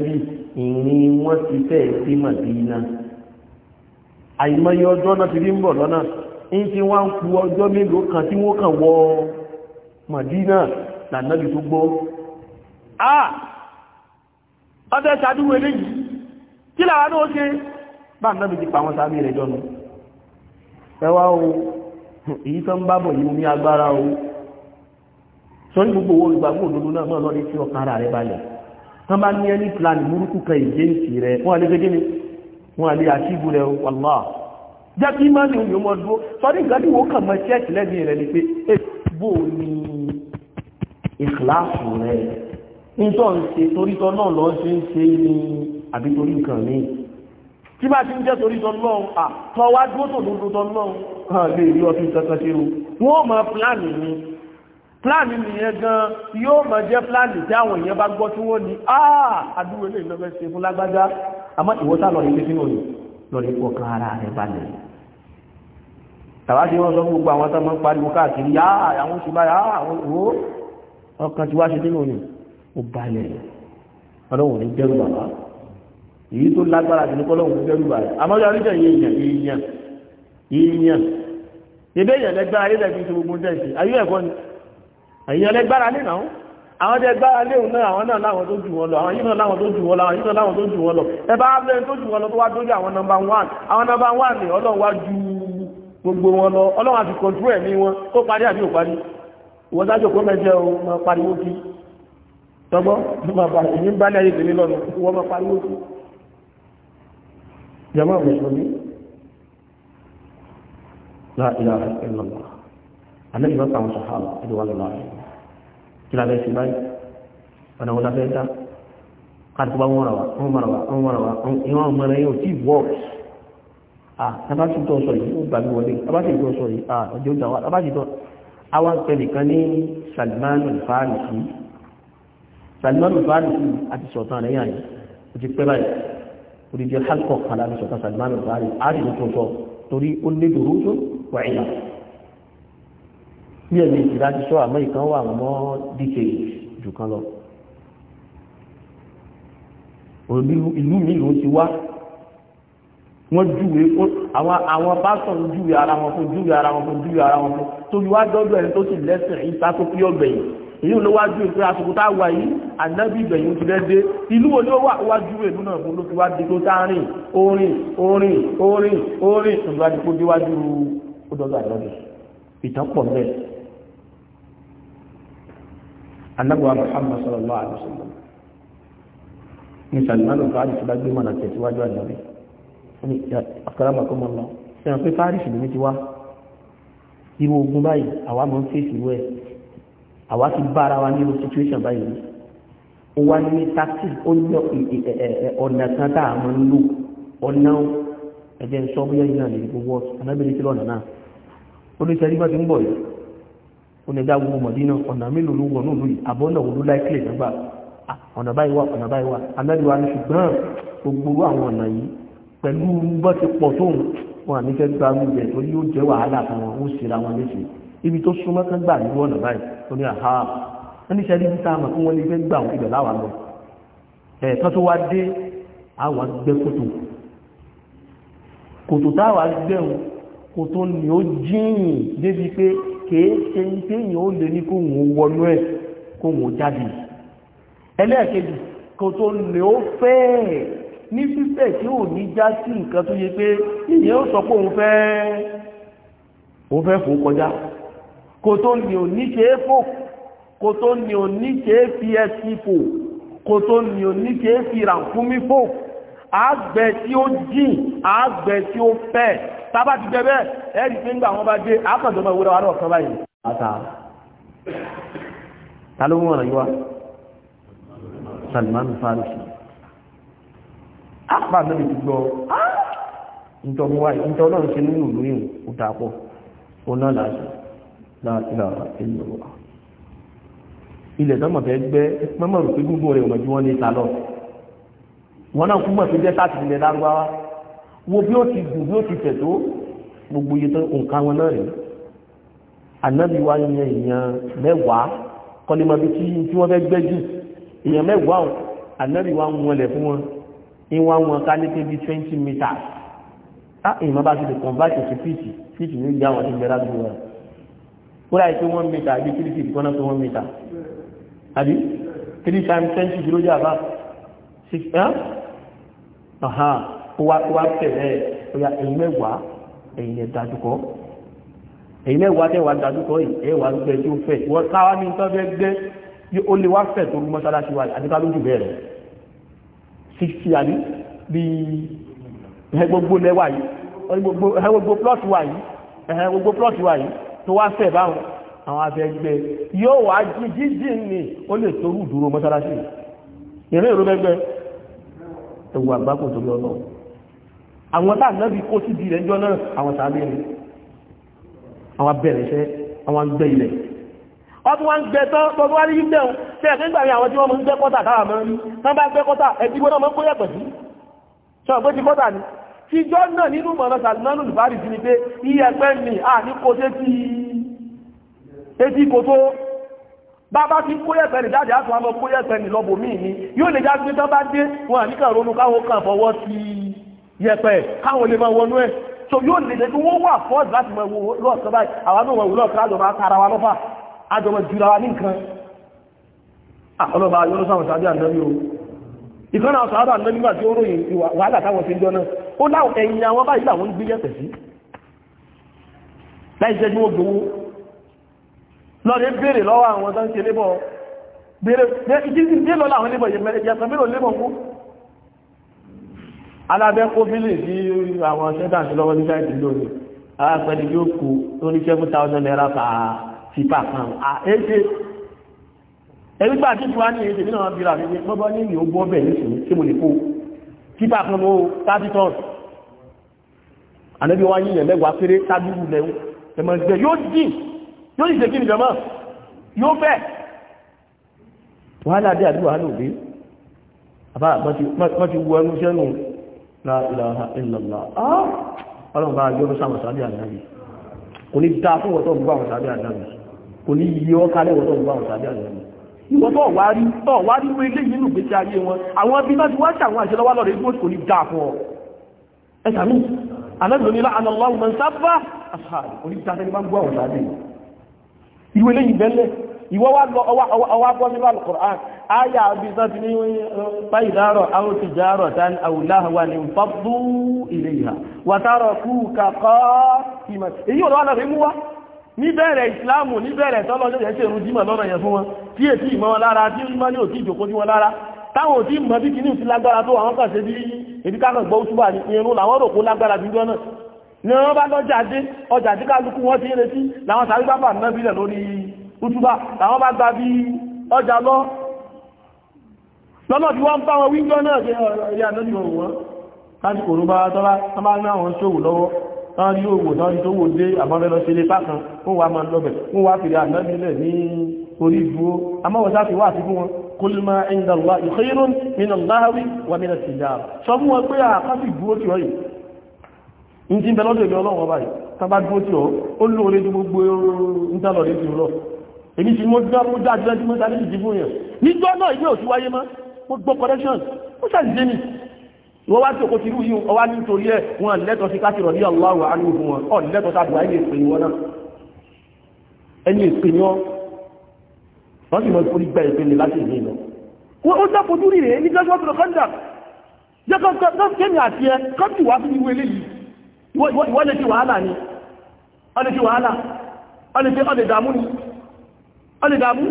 ìrìn wọ́n ti fẹ́ sí màdínà àìmọye ọjọ́ náà ti rí ń bọ̀ lọ́nà ń ti wọ́n ń ku ọjọ́ mélòó kan tí wọ́n kàn wọ màdínà lànàbì tó gbọ́ ah ọdẹ́ sàdúwò eléyìí kí làwà náà ṣe ti pa tán bá ní ẹni plan burúkú kan ìgbéǹsì rẹ̀ wọ́n alẹ́ gẹ́gẹ́ ni wọ́n alẹ́ àṣíbù rẹ̀ wàlá jẹ́ kí má ní òyìnbó dúró sọ́dí nǹkan tí ṣẹ́ẹ̀tì lẹ́gbìn rẹ̀ ni pé bó ni ìkìláàsù rẹ̀ nítọ́ ń ṣe torítọ́ náà lọ ṣe ń ṣe ní àbí torí nǹkan mi tí bá ti ń jẹ́ torítọ́ náà à tọ́ wá hàn lè rí ọtún kankan ṣe o wọ́n mọ pílánì ni pláàni nìyẹn gan yóò máa jẹ́ pláàni tí àwọn èèyàn bá gbọ́ tí wọ́n ní ah, àdúgbò lè lọ́fẹ́ ṣe fún lágbájá àmọ́ ìwọ́ta lọ ilé sínú òyìn lọ́rẹ̀ pọ̀ kan ara rẹ̀ balẹ̀ tàbátí wọ́n sọ gbogbo àwọn tó máa ń pariwo káàkiri yá ah, àwọn ṣùgbà yá ah, àwọn òwò ọkàn tí wá ṣe nínú òyìn ó balẹ̀ ọlọ́run ní dẹ́rù bàbá èyí tó lágbára jù ní kọ́lọ́run ní dẹ́rù bàbá àmọ́ yọ oríṣẹ́ èèyàn èèyàn èèyàn ebéèyàn lẹ́gbẹ́ ayé lẹ́gbẹ́ ìṣòwò gbọ́dẹ̀ sí ayé ẹ̀kọ́ ni èyàn lẹ́gbára lè náà àwọn tẹ gbára léhùn náà àwọn náà láwọn tó jù wọn lọ àwọn yìí náà láwọn tó jù wọn lọ àwọn yìí náà láwọn tó jù wọn lọ ẹ bá abẹ́rẹ́ tó jù wọn tó wá dójú àwọn nọ́mbà one àwọn nọ́mbà one ni ọlọ́run wá ju gbogbo wọn lọ ọlọ́run àti kọ̀ǹtúrò ẹ̀mí wọn tó parí àbí ò parí ìwọ sájò kó mẹjẹ o máa pariwo kí tọgbọ́ bàbá èmi ń bá ní ayé tèmi lọ́nu ìwọ máa pariwo kí jama mùsùlùmí láìláà ìlànà àlejò kí la fẹ́ ṣe báyìí ọ̀nà wọn la fẹ́ dá kàtùkù bá wọn rà wá wọn mara wá wọn mara wá ìwọn àwọn ọmọ yẹn ò tí wọ́ọ̀kì ah tabasi tó sọ yìí ó gbà mí wọlé tabasi tó sọ yìí ah ọjọ́ ìjà wa tabasi tó àwọn ń pè nìkan ní Salman al-Farisi Salman al-Farisi àti sọ̀tàn rẹ̀ yàn yìí ó ti pẹ́ báyìí olùjẹ́ halkọ̀ kan láti sọ̀tàn Salman al-Farisi á sì tó sọ torí ó lé dòró tó wà ìlànà bí ẹ̀mí ìdájú sọ àmọ́ ìkan wà mọ́ dk jù kan lọ ìlú mi ló ti wá wọ́n júwe àwọn pásọ̀ ń júwe ara wọn fún júwe ara wọn fún júwe ara wọn fún torí wá dọ́dọ̀ ẹni tó sì lẹ́sìn ìta tó pí ọgbẹ̀yìn èyí ló wá júwe pé àsìkò tá a wà yìí ànábì ìgbẹ̀yìn ti rẹ́ dé ìlú wo ló wà wá júwe ìlú náà fún ló fi wá di tó tá rìn orin orin orin orin ìgbàdìpọ̀ déwájú ó dọ́dọ̀ àdọ́dọ̀ ìtàn pọ̀ mẹ́rin anábọ̀wá Muhammad sallallahu alaihi wasallam ní Salman al-Farisi ti bá gbé mọ̀nà tẹ̀síwájú ànábì ní akramakumullah sẹ́wọ̀n pé Farisi lèmi ti wá irú ogun báyìí àwa máa ń fèsì wẹ̀ àwa ti bá ara wa nínú situation báyìí ó wá ní táxi ó ní ọ̀nà kan tá a máa ń lò ọ̀nà ẹ̀jẹ̀ ń sọ bóyá yìí náà lè gbowó anábìrin ti lọ́nà náà ó ní sẹ́rí bá ti ń bọ̀ yìí onígbà gbogbo mọ̀dínà ọ̀nà mélòó ló wọ̀ nílùú yìí àbọ̀nà wo ló láìpẹ́ nígbà ọ̀nà báyìí wà ọ̀nà báyìí wà amẹ́rìíwá ni ṣùgbọ́n gbogbo àwọn ọ̀nà yìí pẹ̀lú bọ́ ti pọ̀ tó wọn àní fẹ́ gba oúnjẹ tó yóò jẹ́ wàhálà fún wọn ó sì ra wọn léṣe ibi tó súnmọ́ kan gbà níwọ̀ ọ̀nà báyìí tó ní àhá wọn ní sẹ́ni bí táwọn fún wọn ní fẹ́ gbà wọn ibẹ̀ láwa lọ ẹ̀ kan tó wá dé àwọn gbẹ́ kòtò kòtò táwa gbẹ́ wọn kòtò ni ó jíìn débi pé kèé ṣe ń téèyàn ó lè ní kóhùn ó wọnú ẹ̀ kóhùn ó jáde ẹlẹ́ẹ̀kejì kò tó lè ó fẹ́ ní fífẹ́ tí ò ní já sí nǹkan tó yẹ pé ìyẹn ó sọ pé òun fẹ́ òun fẹ́ fò kọjá kò tó lè ò ní ṣe é fò kò tó lè ò ní ṣe é fi ẹsí fò kò tó lè ò ní ṣe é fi ràǹkúmí fò àgbẹ̀ tí ó jìn àgbẹ̀ tí ó fẹ́ tábà ti jẹ bẹ́ẹ̀ ẹ̀rí pé ńgbà wọn bá dé àkàndọ́mọ̀ ìwúra wa náà kan báyìí àtà ta ló mú ọ̀nà yíwá Salman Farisi àpá náà ti gbọ́ ntọ́mú wáyé ntọ́ náà ń ṣe nínú ìlú yìí ó dà pọ̀ ó náà láti láti lára ìlú wa ilẹ̀ tọ́mọ̀ fẹ́ gbẹ́ mọ́mọ́ rò pé gbogbo rẹ̀ ọmọ ju wọn ní ìta lọ wọn náà kú mọ̀ tó jẹ́ sáà wo bí ó ti gùn bí ó ti tẹ̀ tó gbogbo iye tó nǹkan wọn náà rèé ànábì wa yan èèyàn mẹ́wàá kọ́límọ̀ bí tí wọ́n fẹ́ gbẹ́ èèyàn mẹ́wàá o ànábì ń wọlẹ̀ fún wọn ní wọ́n wọn ká ní tẹ́bí twenty meters ah, á ìmọ̀ bá ti lè convert to fíìtì fíìtì ní ìyá wọn ti gbẹ́rà gbogbo wọn kúrò àìsí one meter àbí three feet kọ́nà tó one meter àbí three times twenty kìlójà bá six ẹ́ eh? ọ̀hán wá wá tẹ̀lẹ̀ ọ̀yà ẹ̀yin mẹ́wàá ẹ̀yin ẹ̀ dájúkọ́ ẹ̀yin mẹ́wàá tẹ́wàá dájúkọ́ ẹ̀ wà gbẹ tí ó fẹ́ wọ́n káwá ní nǹkan fẹ́ gbẹ́ bí ó lè wá fẹ́ tó rú mọ́ṣáláṣí wa àdíká lójú bẹ̀rẹ̀ sixty àní bí gbogbo lẹ́wà yìí gbogbo plot wà yìí gbogbo plot wà yìí tó wá fẹ́ báwọn àwọn afẹ́gbẹ́ yóò wá jíjí ní ó lè tó rú dúró mọ́ṣáláṣí ìrìn ìrú bẹ́gbẹ́ ẹ̀wù àgbákò tó lọ́nà àwọn tá náàbí kó sí ìdí rẹ̀ jọ náà àwọn tàbí rẹ̀ àwọn bẹ̀rẹ̀ iṣẹ́ àwọn gbẹ́ ilẹ̀ ọdún wọn gbẹ́ tán tọ́tọ́ wá ní gbẹ́ ohun tẹ́ ẹ̀kẹ́ ìgbàmí àwọn tí wọ́n mọ́ ń gbẹ́ kọ́tà táwà mọ́ ní tán bá gbẹ́ kọ́tà ẹ̀dígbó náà mọ́ kó yẹ̀pẹ̀ sí ṣọ́ọ̀gbé ti kọ́tà ni tí jọ náà nínú mọ̀nà sàlmánù lùbárì sí ni pé iyẹ̀pẹ́ ni a ní kó sé ti etí kò tó bàbá tí kó yẹ̀pẹ̀ ni jáde á tún á mọ́ kó yẹ̀pẹ̀ ni lọ́bọ̀ míì ni yóò lè já gbé tán bá dé wọn àníkàn ronú káwọn kan fọwọ́ sí i yẹpẹ káwọn lè máa wọnú ẹ̀ so yóò lè tẹ́jú wọ́n wà fọ́ọ̀sì láti mọ̀ ìwò lọ́ọ̀kan báyìí àwọn náà wọ̀n lọ́ọ̀kan àjọ máa tara wa lọ́fà àjọ máa jura wa ní nǹkan ọlọ́ba yọ́nú sáwọn sábẹ́ àndẹ́mí o ìkan náà sábà àndẹ́mí gbà tí ó ròyìn ìwà wàhálà táwọn ti ń jọ náà ó láwọn ẹ̀yìn àwọn báyìí làwọn ń gbé yẹ̀pẹ̀ sí láì jẹ́ bí wọ́n gbowó lọ́ọ̀dẹ́ béèrè lọ́wọ́ àwọn tó ń ṣe lébọ̀ béèrè ìdí sí dé lọ́la àwọn lébọ̀ yẹ̀pẹ̀ yẹ̀pẹ̀ mélòó lébọ̀ kú alábẹ́ kó bílì sí àwọn ṣẹ́tàǹsì lọ́wọ́ ní sáìtì lónìí alápẹ̀lú yóò kú tó ní seven thousand naira pa fipá kan àéṣe ẹgbẹ́gbà tí tí wá ní èdè nínú àbíra mi ní gbọ́gbọ́ ní ìyó bọ́ bẹ̀ nísìnyí tí mo lè kó fipá kan mọ́ thirty tons ànábi wá yíyan mẹ́wàá péré tábìlì lẹ́wọ́ ẹ̀mọ̀ ìgbẹ́ yóò dín yóò sì ṣe kí nìjọba yóò fẹ́ wàhálà dé àdúrà lòdì àbá mọ́ ti wọ ẹnu sẹ́nu la ilaha illallah ah ọlọ́run bá yọ́ sáwọn sàbí àdáyé kò ní dá fún wọ́tọ̀ gbọ́ àwọn sàbí àdáyé kò ní yí ọ kálẹ̀ wọ́tọ̀ gbọ́ àwọn sàbí àdáyé ìwọ́n tó wá rí tó wá rí mú ilé yìí nùgbésí ayé wọn àwọn bí láti wá ṣàwọn àṣẹ lọ́wọ́ lọ́rẹ̀ igbó kò ní dá fún ọ ẹ̀sà mi anájọ nílá anàlọ́wọ́ ìwọ́ wá lọ ọwá bọ́ nínú alukur'an ayà bí sọ ti ní báyìí àwọn ti tán àwùláhàwà ní fọ́bú ilé ìhà wàtárọ̀ kú kàkọ́ táwọn òtí ìmọ̀ bí kìíní ti lágbára tó àwọn kan ṣe bí ebi gbọ́ òṣùbà ní irun làwọn rò kó lágbára bí ni wọ́n bá lọ́jà dé ọjà tí kálukú ti ń retí làwọn sàrí náà bílẹ̀ lórí òtúbà làwọn bá gba bí ọjà lọ lọ́nà tí wọ́n bá wọn wíńdọ́ náà jẹ́ ọ̀rẹ́ àdọ́jọ́ wọn láti kòrò bá tọ́lá tọ́lá ní àwọn ṣòwò lọ́wọ́ tọ́lá ní òwò náà ní tó wò dé àbọ́mẹ́lọ sí ilé pákan ó wà máa lọ́bẹ̀ ó wà fìdí àdọ́jọ́lẹ̀ ní orí ìdúró amáwọ̀sá fi wà sí fún wọn kul ma inda Allah khairun min al-lahwi wa min at-tijara sọ èmi ti mo gbọ́ mo dájú ẹjú mọ́ta ní ìdìbò yẹn níjọ́ náà ìwé òsì wáyé mọ́ mo gbọ́ correction ó ṣàdìdé mi wọ́n wá tí o kò ti rú yìí ọwá nítorí ẹ̀ wọn lẹ́tọ̀ọ́ sí káṣírọ̀ ní Allahu anhu wọn ọ̀ lẹ́tọ̀ọ́ sí àdúrà ẹni èpè wọn náà ẹni èpè ni wọn wọ́n sì mọ ìforí gba èpè mi láti ìlú lọ. ó dákòjú rí rèé ní joshua tó kọ́ńdà jẹ́ kọ́ńkémi àti ẹ kọ́ńtì wá sí ìwé eléyìí ìwọ́n lè ti wàhálà ni ọ ọlẹ́dàmú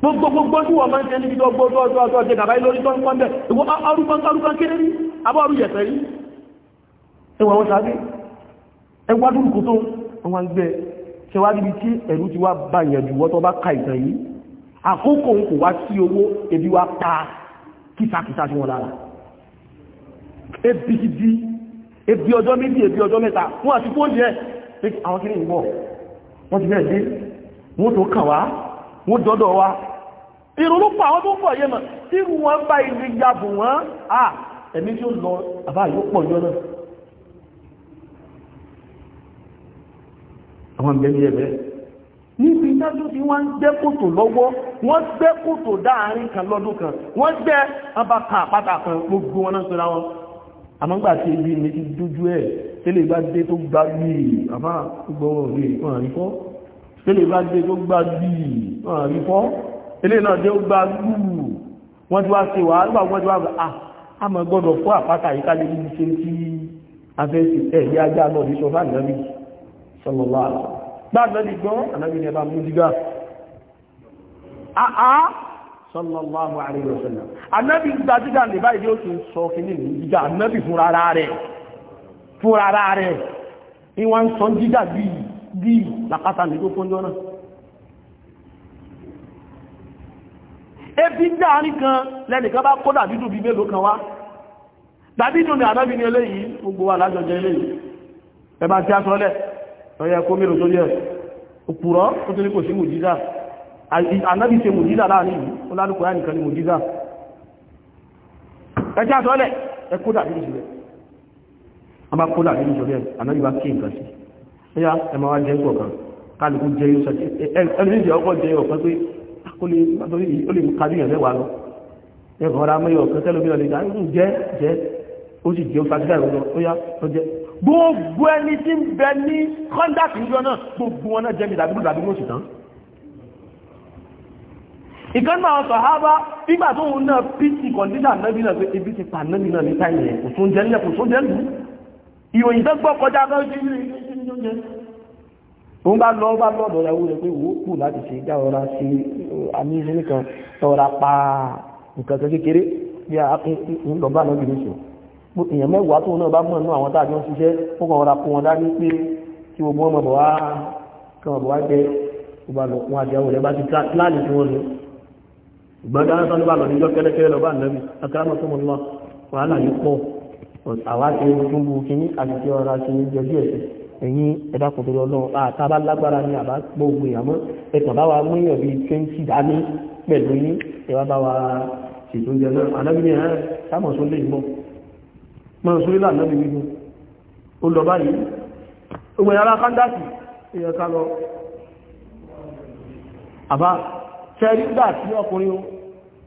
gbogbogbogbo tí wọ́n máa ń tẹ́ níbi tó gbogbo ọjọ́ ọjọ́ ọjọ́ ìdàbáyé lórí tó ń pọ́n bẹ̀ ìwọ arúgbọ́n kéré rí abọ́rú yẹ̀fẹ́ rí ẹwà wọ́n sáré ẹwà dúrùkú tó wọ́n gbẹ́ ṣẹwàdìbí tí ẹ̀rú ti wá bá ìyẹ̀jú wọ́n tó bá ka ìtàn yìí àkókò ń kò wá sí owó ebi wá pa kìsàkìsà sí wọn lára ebi ti di ebi ọjọ́ méjì ebi ọjọ́ mẹ́ta wọ́n àti fóònù yẹ àwọn kiri wọ́n ti bẹ́ẹ̀ dé wọ́n tó kàn wá wọ́n dọ́dọ̀ wá irun ló pa àwọn tó ń pọ̀ yé mọ̀ tí wọ́n bá ilé yabò wọ́n à ẹ̀mí tí ó lọ àbá yóò pọ̀ yọ náà àwọn ìgbẹ́ ní ẹ̀bẹ́ níbi ìdájú tí wọ́n gbẹ́ kòtò lọ́wọ́ wọ́n gbẹ́ kòtò dáàrin kan lọ́dún kan wọ́n gbẹ́ abaka àpáta kan gbogbo wọn náà sọ́ra wọn àmọ́gbà tí ibi mi ti dójú ẹ̀ tẹ́lẹ̀ bá dé tó gbá gbìyì àmá gbọ́rọ̀ rí wọ́n rí fọ́ tẹ́lẹ̀ bá dé tó gbá gbìyì wọ́n rí fọ́ tẹ́lẹ̀ náà dé ó gbá gbùù wọ́n ti wá ṣe wà nígbà wọ́n ti wá a mọ̀ gbọ́dọ̀ fún àpáta yìí ká lè ní ṣe tí afẹ́sì ẹ̀yẹ ajá náà ní sọfá nàbí sọlọ́lá gbá sallallahu alayhi wa sallam anabi gba jíjà lè báyìí yóò tún sọ kíní ní jíjà anabi fúnra ara rẹ̀ fúnra ara rẹ̀ ni wọ́n ń sọ jíjà bíi bíi làkàtà nígbó fóńjọ́ náà ebi ń dáa nìkan lẹ́nìkan bá kó dàbídùn bí mélòó kan wá dàbídùn ni àdábì ní eléyìí gbogbo wa lájọjẹ eléyìí ẹbá tí a sọ́lẹ̀ ọ̀yẹ kó mélòó tó yẹ òpùrọ́ tó tó ní kò sí mùjíza ànábì ṣe mùjíza láàrin yìí ó lálùkù ráyà nìkan ni mùjíza ẹjá sọ́lẹ̀ ẹ kó dà nínú ìṣẹ̀lẹ̀ a bá kó dà nínú ìṣẹ̀lẹ̀ ànábì bá kí nǹkan sí ẹyà ẹmọ wa jẹ́ kọ̀ọ̀kan kálùkù jẹ́ yóò sọ́tí ẹni ìjẹ́ ọkọ̀ jẹ́ ọ̀kan pé ó lè kárí ẹ̀ mẹ́wàá lọ ẹ̀kọ́ ra mẹ́yọ̀ ọ̀kan tẹ́lómi ọ̀lẹ́ ìjà ń jẹ́ jẹ́ ó sì jẹ́ fàtíkà ìwọ̀n ó yá ó jẹ́ gbogbo ẹni tí ń bẹ ní kọ́ńdà ìjọ náà gbogbo wọn náà jẹ́ mi dàbí dàbí mọ̀ sí tán ìkánná àwọn sàhábà nígbà tó ń náà pìtì kọ̀ndíṣà nẹ́bí náà pé ibi ti pa nẹ́bí náà ní táyì yẹn kò tó ń jẹ́ nílẹ̀ kò tó ń jẹ́ lù ìròyìn tó gbọ́ kọjá bá ṣe ní oúnjẹ òun bá lọ bá lọ́dọ̀ ìyàwó rẹ̀ pé wò ó láti ṣe ìjà ọ̀rá sí àmì ìṣẹ́ pa nǹkan kan kékeré bí a ń lọ bá lọ́dọ̀ ìrìnsì èèyàn mẹ́wàá tó náà bá mọ̀ nínú àwọn táàjọ ń ṣiṣẹ́ ó kàn ọ̀rá kó wọn dání ìgbọ́dá ń sọ́nà bá lọ níjọ́ kẹ́lẹ́kẹ́lẹ́ lọ́ba ànábì akérèmọ́ tó mọ̀ ní wọn wàhálà yìí pọ̀ àwa ṣe túbú kínní àti ọ̀rá ṣe jẹjú ẹ̀sìn ẹ̀yìn ẹ̀dàkùn tó lọ́nà àtàbá lágbára ní àbá gbogbo ìyàmọ́ ẹ̀tàn bá wa mú èèyàn bíi twenty dání pẹ̀lú yín ẹ̀wá bá wa ṣètò oúnjẹ náà ànábì ní ẹ̀ sámọ̀ ó lọ báyìí ó gbẹ̀yà ara kándáàsì lọ àbá ṣẹ́rí gbà sí ọkùnrin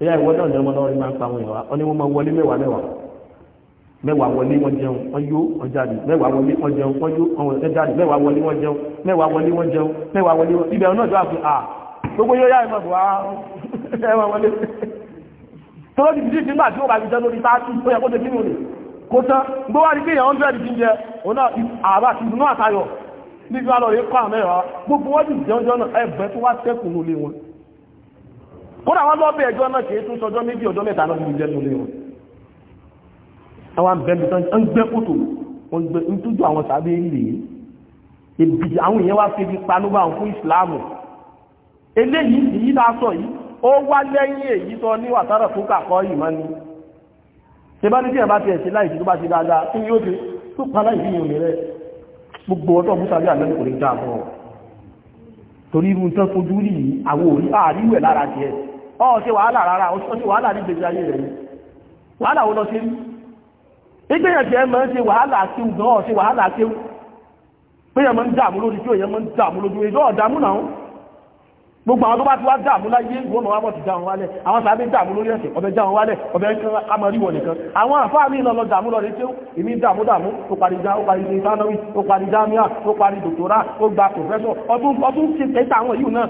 ìyá ìwọ náà lẹ́mọ lọ́rí máa ń pa àwọn ìwà ọ́ní wọ́n máa wọlé mẹ́wàá mẹ́wàá mẹ́wàá wọlé wọ́n jẹun wọ́n yó wọ́n jáde mẹ́wàá wọlé wọ́n jẹun wọ́n yó wọ́n jáde mẹ́wàá wọlé wọ́n jẹun mẹ́wàá wọlé wọ́n jẹun mẹ́wàá wọlé wọ́n ibẹ̀ náà jọ àfihàn à gbogbo yóò yá ìmọ̀ bò á ẹ̀wọ̀n wọlé tọ́lọ́ ti fi nígbà tí ó bá fi jẹ́ lórí táàtì ó yẹ kó ṣe kí nìyẹn kó tán gbogbo wà ní kéèyàn hundred ti ń jẹ òun náà àbá ti dùn náà tayọ̀ nígbà lọ rí kọ́ àmẹ́wàá gbogbo wọ́n ti jẹun jẹun náà ẹ̀bẹ̀ tó wá sẹ́kùn lólé wọn kódà wọ́n lọ́bẹ̀ ẹjọ́ náà kìí tún sọjọ́ méjì ọjọ́ mẹ́ta náà níbi jẹ́nu lé wọn àwọn bẹ̀rẹ̀ tán ń gbẹ́ kòtò wọ́n gbẹ́ ń tújú àwọn sàbẹ̀ rèé ebi àwọn èèyàn wá fi fi panúbà fún ìsìláàmù eléyìí èyí tá a sọ yìí ó wá lẹ́yìn èyí sọ ní wàtárà fún kàkọ́ yìí ni ṣe bá ní bí ẹ̀bá ti ẹ̀sìn láìsí tó bá ti dáadáa tí yóò ti tó pa láìsí yìí òní rẹ̀ gbogbo ọ̀tọ̀ búsàrí àlẹ́ kò ní dáa fún ọ torí irú tán fojú rí àwọn òrí àríwẹ̀ ọ̀ ṣe wàhálà rárá ó ṣe wàhálà ní gbèsè ayé rẹ̀ ni wàhálà wo lọ sí rí ìgbéyànjú ẹ máa ń ṣe wàhálà akéwù gan ọ̀ ṣe wàhálà akéwù pé ẹ máa ń dààmú lórí tí ò yẹ máa ń dààmú lójú ìjọ ọ̀dààmú náà gbogbo àwọn tó bá ti wá dààmú láyé ìwọ̀n náà wọ́n ti dá wálẹ̀ àwọn sàábé dààmú lórí ẹ̀sẹ̀ ọ̀bẹ já wálẹ̀ ọ̀bẹ kamari wọn nìkan àwọn àfáà mi lọ lọ dààmú lọ rí tí èmi dààmú dààmú ó parí já ó parí ìfánáwì ó parí jámíà ó parí dòtórà ó gba pòfẹ́sọ̀ ọdún ọdún ti tẹ́ta àwọn yìí náà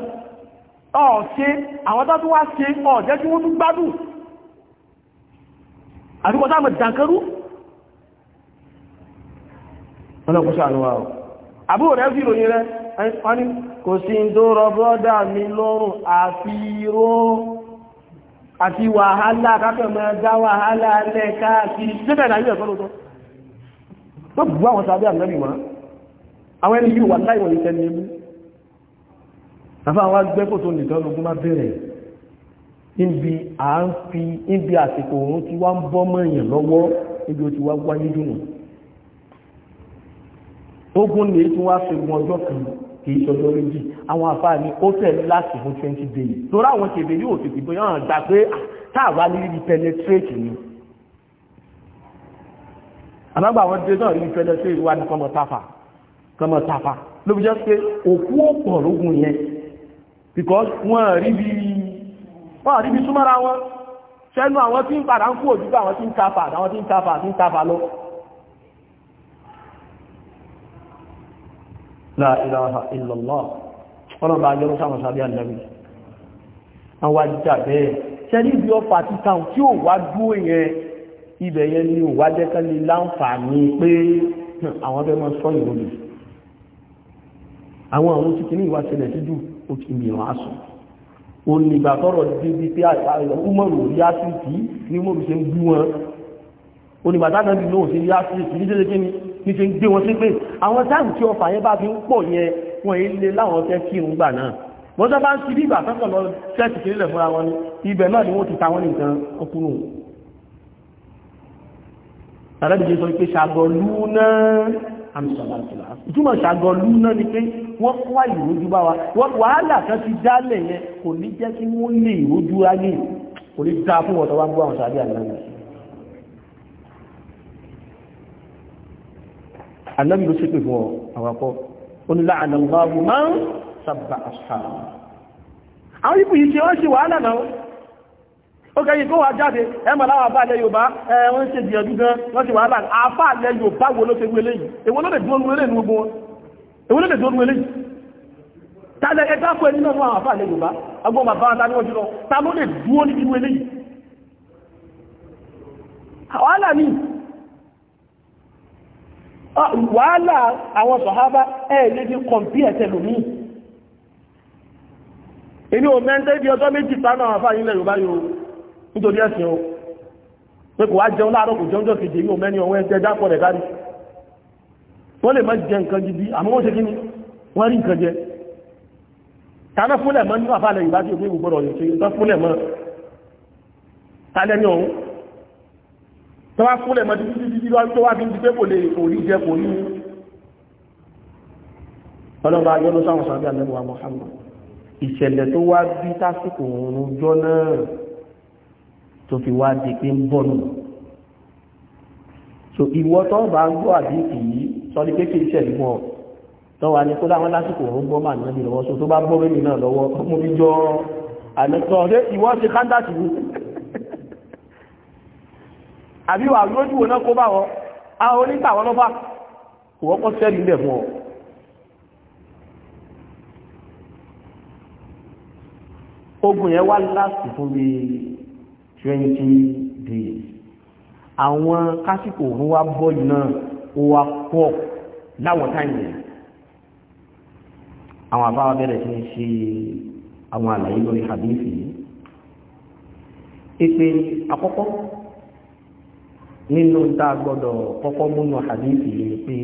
ọ̀ṣe àwọn tó tún wá ṣe ọ̀jẹ́ tí wọ́n tún gbádùn àríkọ́ sáàmù ìdànkarú ọlọ́pùsọ àríwá ọ̀ àbúrò rẹ̀ fi ròyìn rẹ̀ wọ́n ni kò sí ń tó rọ brọ́dà mi lọ́rùn àfíró àti wàhálà kápẹ̀mọ́ dá wàhálà lẹ́ káàkiri síbẹ̀ náà yíò ẹ̀kọ́ lóòtọ́ tó bù àwọn sàbẹ́ àmì àfá àwọn agbẹ́kò tó nìkan lógún má bẹ̀rẹ̀ níbi à ń fi níbi àsìkò òun tí wá ń bọ́ mọ̀yàn lọ́wọ́ níbi ó ti wá wáyé dùnà ogun lè tún wá fi gun ọjọ́ kan kì í ṣọjọ́ méjì àwọn àfáà ní ó tẹ̀ láti fún twenty days lórí àwọn tèbè yóò tètè bóyá hàn gbà pé táàbà ní rí penetrate ni àmọ́gbà àwọn dé náà rí penetrate wá ní kọ́mọ táfà kọ́mọ táfà ló fi jẹ́ pé òkú ọ̀pọ̀ lógun yẹn because wọ́n rí bí wọ́n rí bí súnmọ́ra wọn ṣẹ́nu àwọn tí ń padà ń kú òjúgbà àwọn tí ń tafà àwọn tí ń tafà tí ń la ilaha illallah ọlọ́bà ajọ́rọ́ sáwọn sábẹ́ ànàbì wọ́n wá jíjà bẹ́ẹ̀ ṣẹ́ ní ibi ọfà títà tí ò wá dúó yẹn ibẹ̀ yẹn ni ò wá jẹ́kẹ́lẹ́ láǹfààní pé hmm, àwọn fẹ́ mọ́ sọ́yìn àwọn àwọn tí kìíní ìwà ṣẹlẹ̀ sí jù ó kí mi ìrọ̀ àṣọ onígbà tọ́rọ̀ débi pé umaru rí áfíríkì ní umaru ṣe ń gbú wọn onígbà táwọn ìlú náà ṣe rí áfíríkì ní ṣe kíni ní ṣe ń gbé wọn sí pé àwọn táàmù tí ọfà yẹn bá fi ń pọ̀ yẹn wọ́n yé lé láwọn fẹ́ kí irun gbà náà wọ́n sábà ń ṣe bí ìgbà tọ́kọ̀ lọ ṣẹ́ẹ̀tì kiri lẹ̀ fúnra wọn ni ibẹ̀ náà ni wọ́n ti ta wọn nìkan ọkùnrin àrẹ́bìnrin sọ pé ṣàgọ̀lú náà àmì sọ̀rọ̀ àtìlá ìtumọ̀ ṣàgọ̀lú náà ni pé wọ́n kó wá ìrójú bá wa wọ́n wàhálà kan ti dálẹ̀ yẹn kò ní jẹ́ kí wọ́n lè rójú ayé kò ní dá fún ọ̀tọ̀ wá ń gbọ́ àwọn sàbí àgbàgbà ó kẹ́yìn kó wà jáde ẹmọ̀ láwọn àbá alẹ́ Yorùbá wọ́n ṣe dìyànjú gan wọ́n ṣe wàhálà àfá alẹ́ Yorùbá wo ló ṣe wú eléyìí èwo ló lè dúró lórí èwọ́n lè dúró lè tààlẹ̀ ẹgbẹ́ àpò ẹni náà wọ́n àfà ilẹ̀ Yorùbá agbọ́n bàbá wọn tàbí ọjọ́ lọ ta ló lè dúró ní ìlú eléyìí wàhálà ní ah, wàhálà àwọn sọ̀hábá ẹ̀ẹ́lẹ́ ní kọ̀mpí ẹ̀tẹ̀ lòmí inú omẹ́ntẹ́ bí ọjọ́ méjì tánà àfà ilẹ̀ Yorùbá yóò nítorí ẹ̀sìn o pé kò wá jẹun láàárọ̀ wọ́n lè má jẹ nǹkan gidi àmọ́ wọ́n ṣe kí ni wọ́n rí nǹkan jẹ tàná fúnlẹ̀ mọ́ nínú àfàlẹ̀ ìgbà tí òkú gbọ́dọ̀ yẹ̀ ṣe tán fúnlẹ̀ mọ́ tálẹ́ ní ọ̀hún tó wá fúnlẹ̀ mọ́ títí títí tó wá fi ń di pé kò lè kò rí jẹ kò ní ọlọ́ba ayọ́lọ́ sáwọn sàbí àlẹ́wà Muhammad ìṣẹ̀lẹ̀ tó wá bí tásìkò òun jọ náà tó fi wá di pé ń bọ̀ so ìwọ tó bá gbọ́ àdéhùn yìí sọ ní pé kí iṣẹ́ ìlú wọn tọ́wà ní kódà wọn lásìkò òun gbọ́ mà nílẹ̀ lọ́wọ́ so tó bá gbọ́ mẹ́rin náà lọ́wọ́ mú fi jọ àmẹ́tọ́ ṣé ìwọ́n ṣe káńdàtì ni àbí wà lójú wọn náà kó bá wọn àwọn onígbà wọn lọ́fà kò wọ́pọ̀ sẹ́ẹ̀lì ilẹ̀ fún ọ ogun yẹn wá láti fún bí twenty days àwọn kásìkò òun wá bọ́ yìí náà ó wá pọ̀ láwọn táyì àwọn àbáwá bẹ̀rẹ̀ sí ní ṣe àwọn àlàyé lórí hadith yìí ìpè àkọ́kọ́ nínú tá a gbọ́dọ̀ kọ́kọ́ múnú hadith yìí pé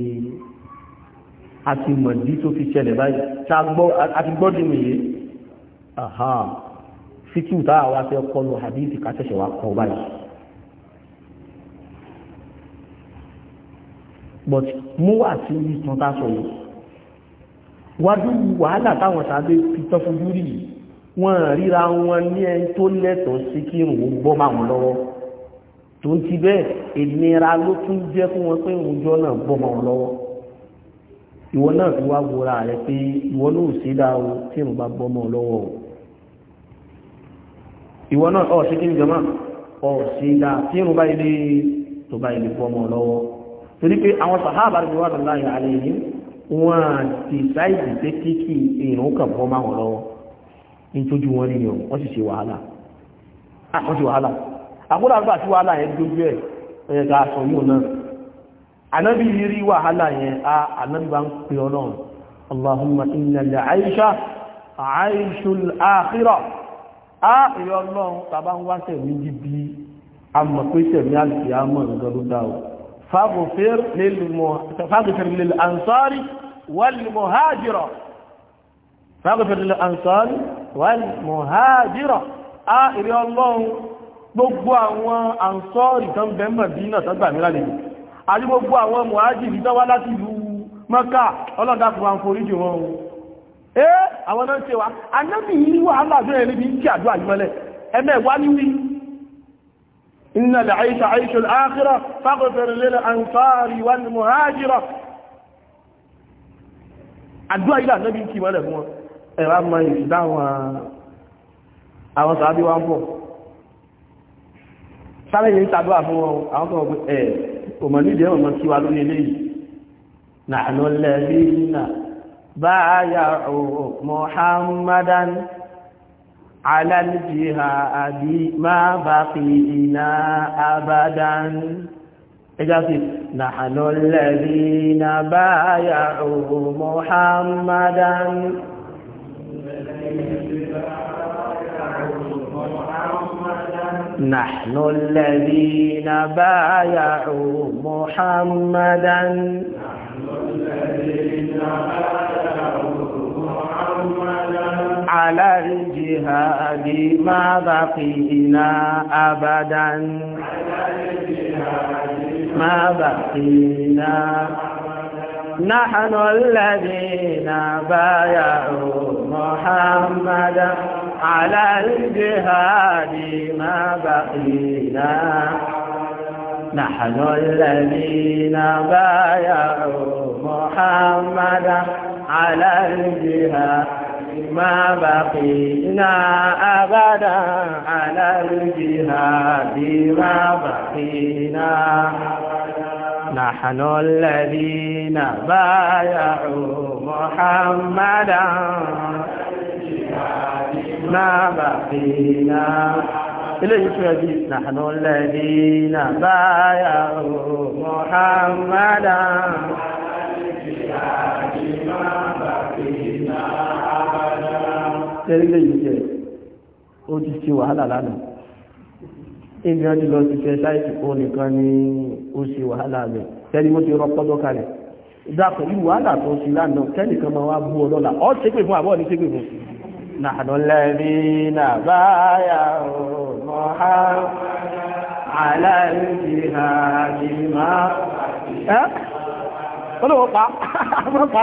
a ti mọ̀ dí tó fi ṣẹlẹ̀ báyìí a ti gbọ́ dìmọ̀ yìí fíkú tá a wá fẹ́ kọlu hadith ká ṣẹ̀ṣẹ̀ wá kọ báyìí but mú wà sí ìtàn tá sọ yìí wájú wàhálà táwọn tàbí pitọ́ fojú rí wọn ríra wọn ní ẹni tó lẹ́tọ̀ọ́ sí kí n ò gbọ́ máa wọn lọ́wọ́ tó ń ti bẹ́ẹ̀ ìnira ló tún jẹ́ fún wọn pé òunjọ́ náà gbọ́ máa wọn lọ́wọ́ ìwọ náà fi wá wọra rẹ pé ìwọ náà ò sí dáa o tí n bá gbọ́ máa lọ́wọ́ o ìwọ náà ọ̀ sí kí n jọ máa ọ̀ sí dáa tí n bá ilé tó bá ilé gbọ́ máa lọ́wọ́ torí pé àwọn sàhábà rẹ̀ wà lọ́la yà alẹ́ yìí wọ́n ti sáìdì pé kí kí èèyàn kàn bọ́ máa wọ̀n lọ́wọ́ nítorí wọn nìyẹn wọ́n sì ṣe wàhálà ah, wọ́n ṣe wàhálà àkúrò àgbà tí wàhálà yẹn dójú ẹ̀ ẹ̀yẹ ká sọ yóò náà ànábì yìí rí wàhálà yẹn a ànábì bá ń pè ọlọ́run allahumma inna la aisha aishul akhirah a ìyọ́ ọlọ́run tàbá ń wá sẹ̀mí jíbi a mọ̀ pé sẹ̀mí àti àmọ̀ nǹkan ló dá فاغفر للمه... فاغفر للأنصار والمهاجرة فاغفر للأنصار والمهاجرة آه الله gbogbo àwọn ansọ́ọ̀rì tán bẹ mọ̀dínà tán gbà mìíràn lèyìn àti gbogbo àwọn mọ̀hájìrì tán wá láti ìlú Mẹ́kà ọlọ́dàkùn wa ń forí jù wọn ohun ẹ́ àwọn náà ń ṣe wa wà á láàbẹ̀rẹ̀ níbi ń kí àdúrà yìí mọ́lẹ̀ ẹ̀mẹ́ wá níwí إن العيش عيش الآخرة فاغفر للأنصار والمهاجرة àdúrà ilẹ̀ ànábì kí wọ́n lẹ̀ fún wọn ẹ̀rá ma ìṣìdá àwọn sàábí wá ń bọ̀ sáré yìí tàbíwà fún wọn àwọn kan ọgbẹ̀ ẹ̀ òmọ̀ nídìí ẹ̀wọ̀n mọ́ kí wà lórí eléyìí nahnu alladhina báyà Muhammadan على الجهاد ما بقينا أبدا إجازي نحن الذين بايعوا محمدا نحن الذين بايعوا محمدا نحن الذين بايعوا على الجهاد ما بقينا أبدا ما بقينا نحن الذين بايعوا محمدا على الجهاد ما بقينا نحن الذين بايعوا محمدا على الجهاد ما بقينا أبدا على الجهاد ما بقينا نحن الذين بايعوا محمدا ما بقينا نحن الذين بايعوا محمدا tẹ́rílẹ̀ ìjẹ́ ó ti ṣe wàhálà lánàá ibi ti lọ sí ṣe sáìtì kó nìkan ni ó ṣe wàhálà rẹ̀ tẹ́lí ti rọpọ́dọ́ kalẹ̀ ìdáàpọ̀ yìí wàhálà tó ṣe lánàá kẹ́nìkan máa wá bú ọ lọ́la ọ́ ṣépè fún àbọ̀ ní ṣépè fún nàánú lẹ́rí ha mọ́há pa pa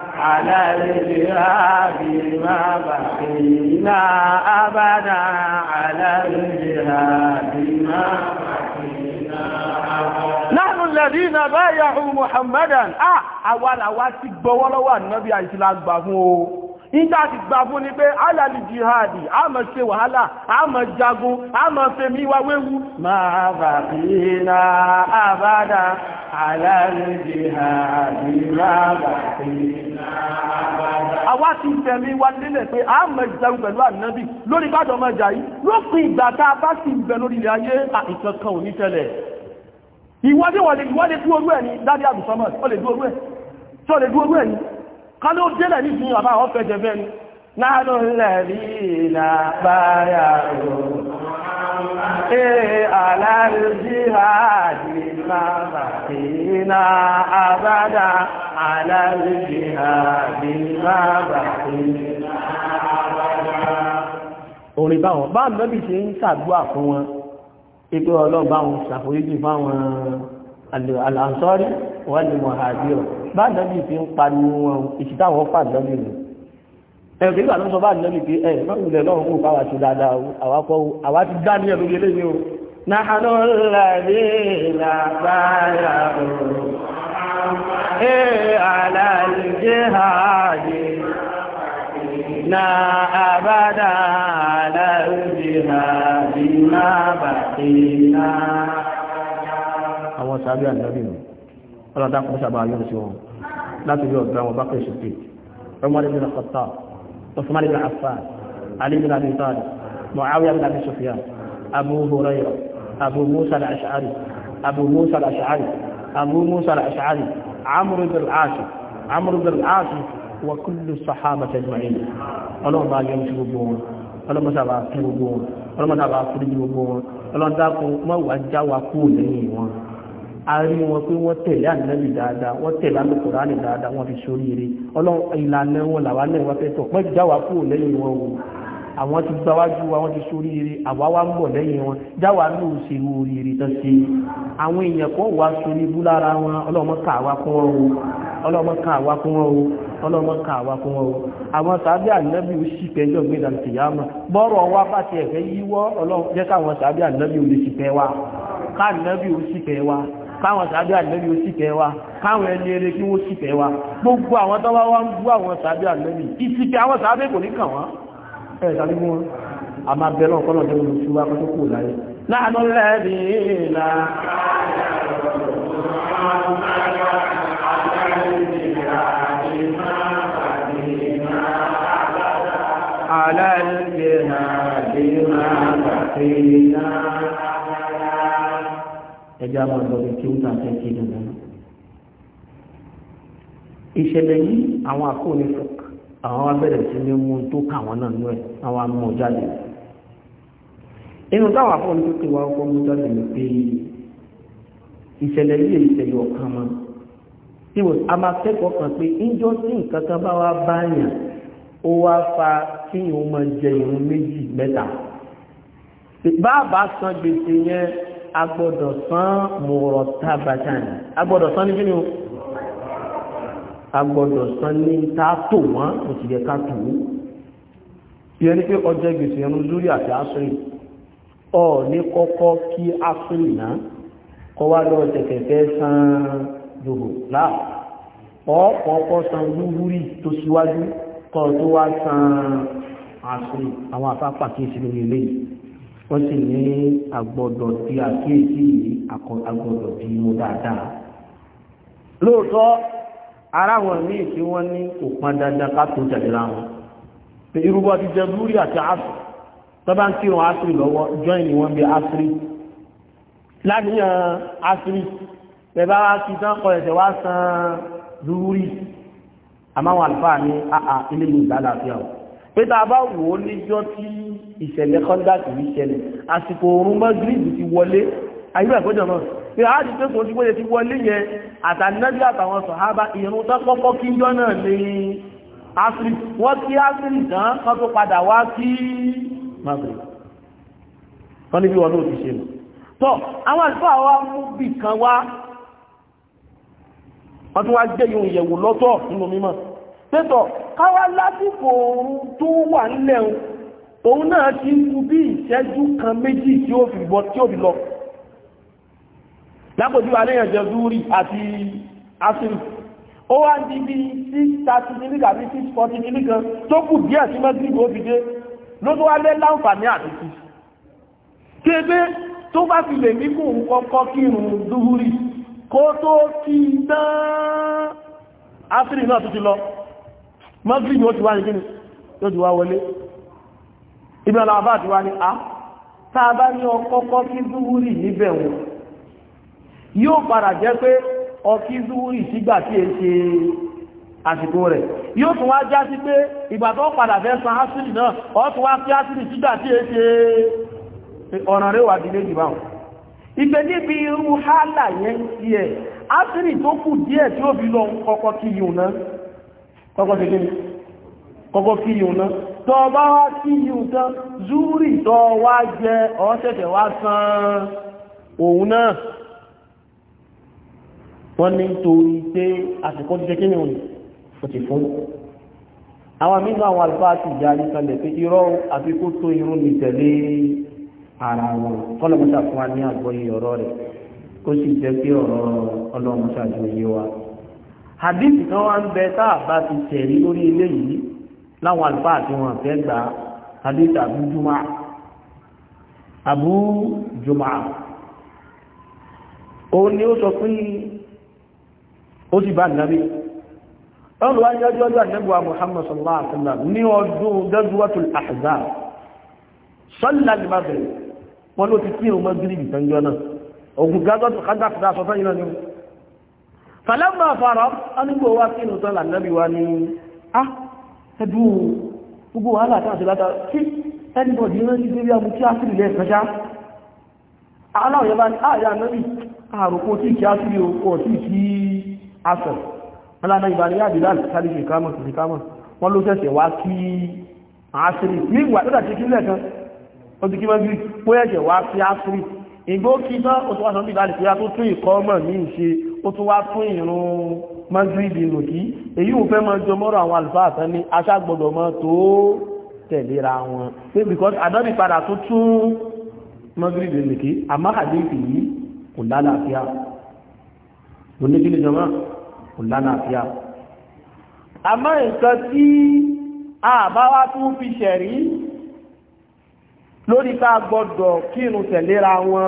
عليها بما بقينا أبدا عليها بما بقينا أبدا نحن الذين بايعوا محمدا آه أولا واتك بولا والنبي عليه الصلاة والسلام nígbà tí gbà fún ni pé alàlì jihadi a mọ̀ ṣe wàhálà a mọ̀ jagun a mọ̀ mi wa wéwu máa bà bí na àbádá alàlì jihadi máa bà bí na àbádá. àwa ti fẹ̀mí wa lélẹ̀ pé a mọ̀ jagun pẹ̀lú ànábì lórí bàdàn ọmọ ìjà yìí lópin ìgbà tá a bá sì ń bẹ lórí ilẹ̀ ayé àìkankan ò ní tẹ́lẹ̀ ìwọ́dé wọ́n lè dúró orú ẹ̀ ni. dádé àbùsọ́mọ̀ ọ kálọ́ délẹ̀ ní ìsìn àbá àwọn fẹ́ jẹfẹ́ ni láàánú lẹ́rí ìlà báyà rò ee aláàrùsí àdì máa bàtì orin báwọn bá mẹ́bí ṣe ń ṣàdúà fún wọn ipé ọlọ́run báwọn ṣàforíjì fáwọn àlànsọ́rí wọ́n ni mọ̀hàbírọ̀ bá nẹ́bí fi ń pariwo wọn ìṣìtáwọn fà nẹ́bí rẹ̀ ẹ̀rù nígbà ló sọ bá nẹ́bí pé ẹ̀ lọ́rùnlẹ̀ lọ́rùn kó káwà sí dáadáa àwákọ́ àwá ti na àbádà àlàlùjẹ́ ààyè má bàtẹ́ náà àwọn sàábí àjọ́bì nù ọlọ́dá kọ́ sábà yọ́n sí wọn láti rí ọ̀dọ́ àwọn bákan ṣe pé ọmọdé bin Khattab Uthman bin Affan Ali bin Abi Talib Muawiya bin Abi Sufyan Abu Hurairah Abu Musa al-Ash'ari Abu Musa al-Ash'ari Abu Musa al-Ash'ari Amr bin al-As Amr bin al-As wa kullu sahaba ajma'in gbogbo wọn ọlọ́run sábà gbogbo wọn ọlọ́run mọ́wàá já kú lẹ́yìn wọn a rí wọn pé wọ́n tẹ̀lé ànábì dáadáa wọ́n tẹ̀lé alukùránì dáadáa wọ́n fi sórí eré ọlọ́run ìlànà wọn làwa náà wọ́n fẹ́ tọ̀ pẹ́ jáwá kúrò lẹ́yìn wọn o àwọn ti gbáwájú wa wọ́n ti sórí eré àwa wá ń bọ̀ lẹ́yìn wọn jáwá ló ń ṣe wo eré tán ṣe àwọn èèyàn kan wà sórí ibú lára wọn ọlọ́mọ ká àwa kún wọn o ọlọ́mọ ká àwa kún wọn o àwọn sàbí ànábì ó sì pẹ́ jọ̀gbìn ìdàgbàsíyàmọ̀ bọ́rọ̀ wa bá tiẹ̀ fẹ́ yíwọ́ ọlọ́run jẹ́ káwọn sàbí ànábì ó lè sì pẹ́ wa ká ànábì ó sì pẹ́ wa káwọn sàbí àlẹ́bí ó sì fẹ́ wa káwọn ẹni eré kí wọ́n sì fẹ́ wa gbogbo àwọn tó bá wá ń bú àwọn sàbí àlẹ́bí ìsìnkẹ́ àwọn sàbí kò ní kàn wọ́n ẹ̀ sàbí fún wọn a máa bẹ̀rẹ̀ ọ̀pọ̀lọ̀ jẹ́ olùsú wa kó tó kù láyé láàánú lẹ́ẹ̀bí ìlà Àlẹ́ ìgbèrà bí máa bàtí ẹjẹ́ àwọn ọ̀dọ́ tí ó tàn fẹ́ kí ló lọ́nà. ìṣẹ̀lẹ̀ yìí àwọn àkóónì fọ́k àwọn abẹ́rẹ̀ sí ní mú tó kà wọ́n náà nú ẹ̀ àwọn amú jáde. inú táwọn àkóónì tó kéwàá ọkọ̀ mú jáde ní pé ìṣẹ̀lẹ̀ yìí ìṣẹ̀lẹ̀ ọ̀kan mọ́ tí a máa kẹ́kọ̀ọ́ kan pé ńjọ́ sí nǹkan kan bá wá báyàn ó wá fa kí ìhun máa jẹ ìhun méjì mẹ́ta bá a bá san gbèsè yẹn agbọ́dọ̀ san mọ̀rọ̀ tábàtàn agbọ́dọ̀ san ní kíni o agbọ́dọ̀ san ní ta tó wọ́n kò sì yẹ ká tó yẹ ní pé ọjọ́ gbèsè ẹnu lórí àti asiri ọ ní kọ́kọ́ kí asiri náà kọ́ wá lọ tẹ̀kẹ̀kẹ́ san yòhò láà ọ kọ́kọ́ san lúwúrí tó síwájú kọ́ tó wá san asiri àwọn afápàkì ìsinmi eléyìí wọ́n sì ní agbọ́dọ̀ tí àkíyèsí yìí agbọ́dọ̀ tí mo dáadáa. lóòótọ́ ara wọn míì tí wọ́n ní kò pọn dandan ká tó tẹ̀lé ra wọn. pé irúbọ ti jẹ búrí àti asiri tọ́ba ń kírun asiri lọ́wọ́ join ni wọ́n bí asiri. láníyàn asiri bẹ̀bá wa ti tán kọ ẹ̀sẹ̀ wá san lúrí. àmọ́ àwọn àlùfáà ní àà ilé ìgbàlá fi hàn pé tá a bá wò ó níjọ́ tí ìṣẹ̀lẹ̀ kọ́ńdàtì yìí ṣẹlẹ̀ àsìkò oorun magrib ti wọlé ayé àgbẹ̀jọ̀ náà pé a ti pèsè ojú pé ti wọlé yẹn àtànájú àtàwọn sọ̀hábà ìrún tó kọ́kọ́ kíjọ́ náà ní asiri wọ́n kí asiri tán kọ́ tó padà wá kí magrib wọ́n níbi wọn náà ti ṣe lọ tọ́ àwọn àlùfáà wa mú bì kan wá wọ́n tún wá gbé yòó yẹ̀wò lọ́tọ̀ nínú mímọ́ pẹ́tọ̀ káwá lásìkò oorun tó wà nílẹ̀ òun náà ti ń kú bí ìṣẹ́jú kan méjì tí ó fi bọ́ tí ó fi lọ lápòjú aléyàn jẹ zúrí àti asiri ó wá ń di bí 630 nílìkà bí 640 nílìkà tó kù díẹ̀ sí mẹ́tìrì ó fi dé ló tó wá lé láǹfààní àtìkì kébé tó bá fi lè mímú kọ́kọ́ kírun zúrí kó tó kí tán asiri náà tó ti lọ mọ́gírí ni ó ti wá ní kíni yóò ti wá wọlé ibi ọ̀nà àbá àti wá ní ah, a tá bá ní ọkọ́kọ́ kí zúwúrì níbẹ̀ wọn yóò padà jẹ́ pé ọkí zúwúrì sígbà tí è ṣe àsìkò rẹ̀ yóò tún wá já sí pé ìgbà tó padà fẹ́ san ásìlì náà ó tún wá ásìlì sígbà tí è ṣe rẹ̀ wà ti ẹ̀ ásìlì tó kù díẹ̀ tí kọ́kọ́ sí kíni kọ́kọ́ kí yìí ná tọ́ bá wá kí yìí tán zúrì tọ́ wá jẹ ọ́sẹ̀tẹ̀ wá san òun náà wọ́n ní torí pé àsìkò jẹ́ kíni òun kò ti fún àwọn mímọ àwọn àlùfáà ti jẹ́ àríkalẹ̀ pé irọ́ àfi kó tó irun ní tẹ̀lé ara wọn kọ́lọ̀mọ́sà fún wa ní àgbọ́yé ọ̀rọ̀ rẹ̀ kó sì jẹ́ pé ọ̀rọ̀ ọlọ́mọṣàjọ yé wa hadithi kan wá ń bẹ tá a bá ti tẹ̀rí lórí ilé yìí láwọn àlùfáà tí wọ́n fẹ́ gba hadith Abu Juma Abu Juma òun ni ó sọ pé ó sì bá nàbí ọlọ́wọ́ ayé ọjọ́ ọjọ́ àdẹ́gbà Muhammad sallallahu alaihi wasallam ní ọdún gẹ́gbùwàtul Ahzab sọ́lá ní mábẹ̀rẹ̀ wọn ló ti kí ìrùn mọ́ gírí ìtànjọ́ náà ogun gágọ́tù kájàkùdá sọ fẹ́ ìrànlẹ́wọ̀ fàlámà fara ánúgbò wá sí inú sọ́là nàbí wa ní á ẹbú gbogbo wàhálà tán àti látà sí ẹnìbọ̀dì rán ní sí ríàmù tí a sì lè kọjá aláwọ̀yẹ bá ní àyà nàbí àrùkò tí kí a sì kọ̀ sí kí a sọ̀ aláàmà ìbàniyà bìlá sáré fi kámọ̀ sí kámọ̀ wọ́n ló tẹ́sẹ̀ wá kí àásìrì nígbà tó dàtí kí lẹ́ẹ̀kan ó ti kí mọ́ bí pó ẹ̀jẹ̀ wá sí àásìrì ìgbó kí tán ó bí ìbálẹ̀ pé a tó tún ìkọ́ mọ̀ ní ìṣe ó tún wá fún ìrún mọ́gírìbì nù kí èyí ò fẹ́ mọ́ jọ mọ́rọ̀ àwọn àlùfáà tán ní aṣágbọ́dọ̀ mọ́ tó tẹ̀léra wọn pé because àdọ́bì padà tó tún mọ́gírìbì nù kí àmọ́ àdéhùn yìí kò lálàáfíà oníkíni jọmọ́ kò lálàáfíà àmọ́ nǹkan tí àbáwá tún fi ṣẹ̀rí lórí ká gbọ́dọ̀ kírun tẹ̀léra wọn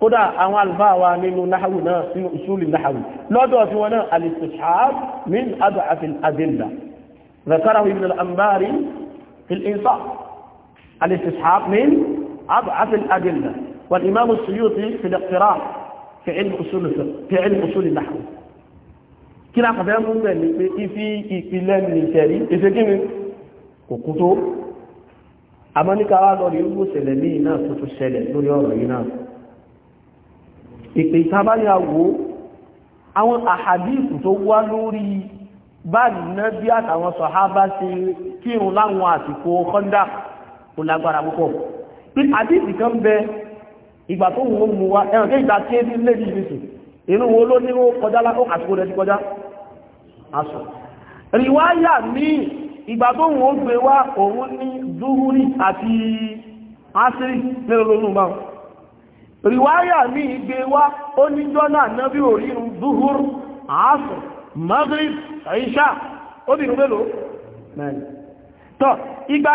kódà àwọn àlùfáà wa nínú náhàwù náà sínú ìṣúlì náhàwù lọ́dọ̀ tí wọn náà al-istishab min ad'af al-adilla zakarahu ibn al-anbari fi al-insaf al min ad'af al-adilla والإمام السيوطي في الاقتراح في علم أصول الفقه في علم أصول kí láàpàá fẹ́ mú bẹ̀ ní pé ifi ìpìlẹ̀ nìṣẹ̀rí ìfẹ́ kí òkú tó àmọ́ ní káwàá lọ rí ó ṣẹlẹ̀ ní iná tó tó lórí ọ̀rọ̀ yìí náà ìpè ìtàbáyàwó àwọn àhàdìsù tó wá lórí bá nínú bí àtàwọn sọ̀hábá ṣe kírun láwọn àsìkò kọ́ndà kò lágbára púpọ̀ pé àdìsì kan bẹ ìgbà tó wù ó mú wa ẹ̀rùn kí ìgbà tí ó lé ní ìrìsì inú wo ló ní kọjá lákó àsìkò rẹ̀ ti kọjá aṣọ ríwáyà ní ìgbà tó wù ó gbé wá òun ní zuhuri àti asiri mẹ́rin lónú báwọn riwaya mi gbe wa onijọ na jọ́nà nábí zuhur asr maghrib aisha obìnrin mélòó mẹ́rin tọ́ ìgbà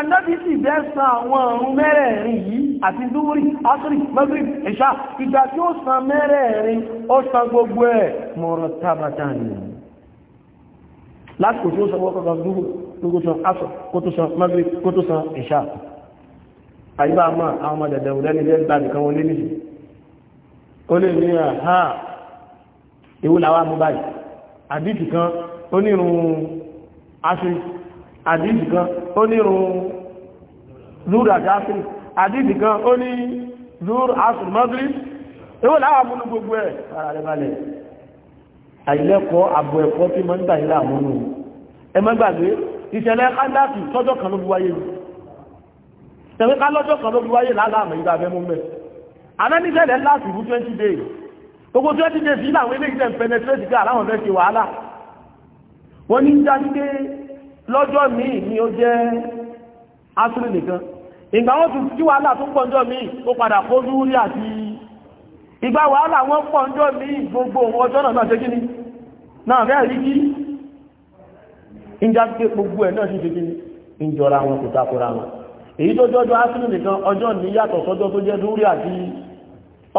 san àwọn ọ̀run mẹ́rẹ̀ẹ̀rin yi ati zuhuri asri maghrib aisha igba o san mẹ́rẹ̀ẹ̀rin ó san gbogbo ẹ̀ mọ̀rọ̀ tabata ni san wọ́pọ̀ kan zuhur san san maghrib kó san aisha àyíbá ma dada ọmọ dẹ̀dẹ̀ òlẹ́ni lẹ́gbàá nìkan ó lè ní àhá ewu làwọn amúbáyì àdìsì kan onírun aṣe àdìsì kan onírun zúrù àti aṣírí àdìsì kan ó ní zúrù aṣírí mọ́gírí ewu làwọn amúnú gbogbo ẹ̀ ara rẹ̀ balẹ̀ àìlẹ́kọ̀ọ́ àbọ̀ ẹ̀kọ́ tí mọ́ ń gbà nílà àmúnú ẹ má gbàgbé ìṣẹ̀lẹ̀ kádàfì tọ́jọ́ kan ló fi wáyé tẹ̀wé ká lọ́jọ́ kan ló fi wáyé láàlámẹ̀ ìgbà abẹ́mú mẹ́rin anẹ́mísẹ̀lẹ̀ láti ìbú 20 days gbogbo 20 days yìí làwọn ilé ìjẹ́ penetrate gbà láwọn fẹ́ ṣe wàhálà wọ́n ní jáde pé lọ́jọ́ míì ni ó jẹ́ asúrì nìkan ìgbà wọn tún tí wàhálà tó pọ̀njọ́ míì ó padà kó lúúrí àti ìgbà wàhálà wọn pọ̀njọ́ míì gbogbo ọjọ́ náà náà ṣe kí ni náà fẹ́ rí kí ìjà pé gbogbo ẹ̀ náà ṣe kí ni ìjọra wọn kò takora wọn èyí tó jọjọ́ asúrì nìkan ọjọ́ ní yàtọ̀ sọ́jọ́ tó jẹ́ lúúrí àti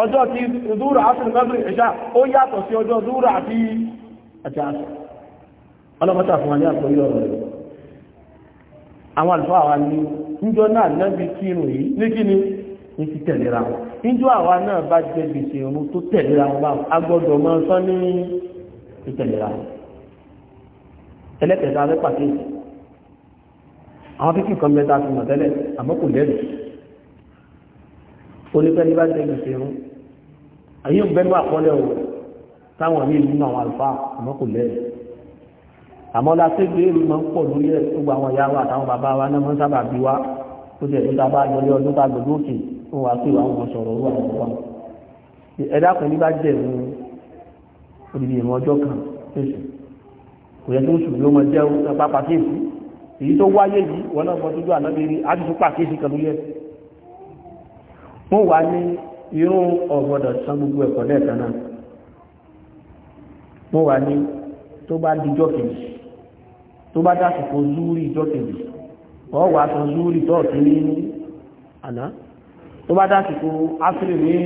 ọjọ́ ti zúrà áfíìn mẹ́bìrì ẹ̀ṣà ó yàtọ̀ sí ọjọ́ zúrà àti àjáṣà ọlọ́pàá fún wa ní àkórí ọ̀rọ̀ rẹ̀ àwọn àlùfáà wa ní níjọ náà lẹ́bi kírun yìí ní kí ni ní ti tẹ̀lera wọn níjọ àwa náà bá jẹ gbèsè òun tó tẹ̀lera wọn báwọn agbọ́dọ̀ máa sọ ní ìtẹ̀lera wọn ẹlẹ́kẹ̀ẹ́ta rẹ̀ pàtẹ́ àwọn kíkì kan mẹ́ta fi mọ̀ tẹ́lẹ̀ àmọ́ kò lẹ́rìí onípẹ́ni bá jẹ gbèsè òun àyè ń bẹnu àkọọ́lẹ̀ o táwọn míì nínú àwọn àlùfáà àmọ́ kò lẹ́ẹ̀ àmọ́ la ṣe gbé èrò máa ń pọ̀ lórí ẹ̀ gbogbo àwọn ìyá wa àtàwọn bàbá wa náà máa ń sábà bí wa ó jẹ́ ìgbà bá yọlé ọdún bá gbogbo òkè ó wàá pè àwọn ọmọ sọ̀rọ̀ ó wà ní ọ̀pá ẹ̀dá kan ní bá jẹ́ ìrún odidi ìrún ọjọ́ kan fèsì kò yẹ kí oṣù yóò mọ jẹ́ ọpá pàkíyèsí èyí tó wáyé yìí wọn náà mọ tójú ànábìrì á ti tún pàkíyèsí kan lórí ẹ̀ wọ́n wà ní irun ọ̀gbọ́dọ̀ san gbogbo ẹ̀kọ́ lẹ́ẹ̀kan náà mo wà ní tó bá dijọ́ kejì tó bá dásìkò zúúrì ìjọ́ kejì ọ wà sọ zúúrì tó ọ̀tí ní àná tó bá dásìkò áfírì ní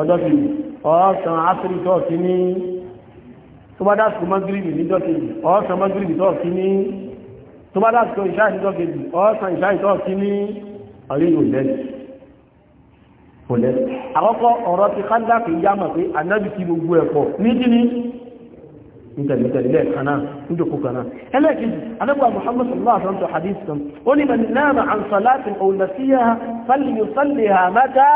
ọjọ́ kejì ọ san áfírì tó ọ̀tí ní tó bá dásìkò mọ́gírìbì níjọ́ kejì ọ san mọ́gírìbì tó ọ̀tí ní tó bá dásìkò ìṣáà níjọ́ kejì ọ san ìṣáà ìtọ́ ọ̀tí ní ọ̀rẹ́ ìròlẹ́yìn kò lẹ́ àkọ́kọ́ ọ̀rọ̀ ti kádà fi yá mọ̀ pé anábì ti gbogbo ẹ̀kọ́ ní kí ni ìtẹ̀lẹ̀tẹ̀lẹ̀ kanáà ń jòkó kanáà ẹlẹ́kìí anábì Muhammad sallallahu alaihi wasallam hadith kan ó ní man nama an salatin aw nasiyaha falyusalliha mata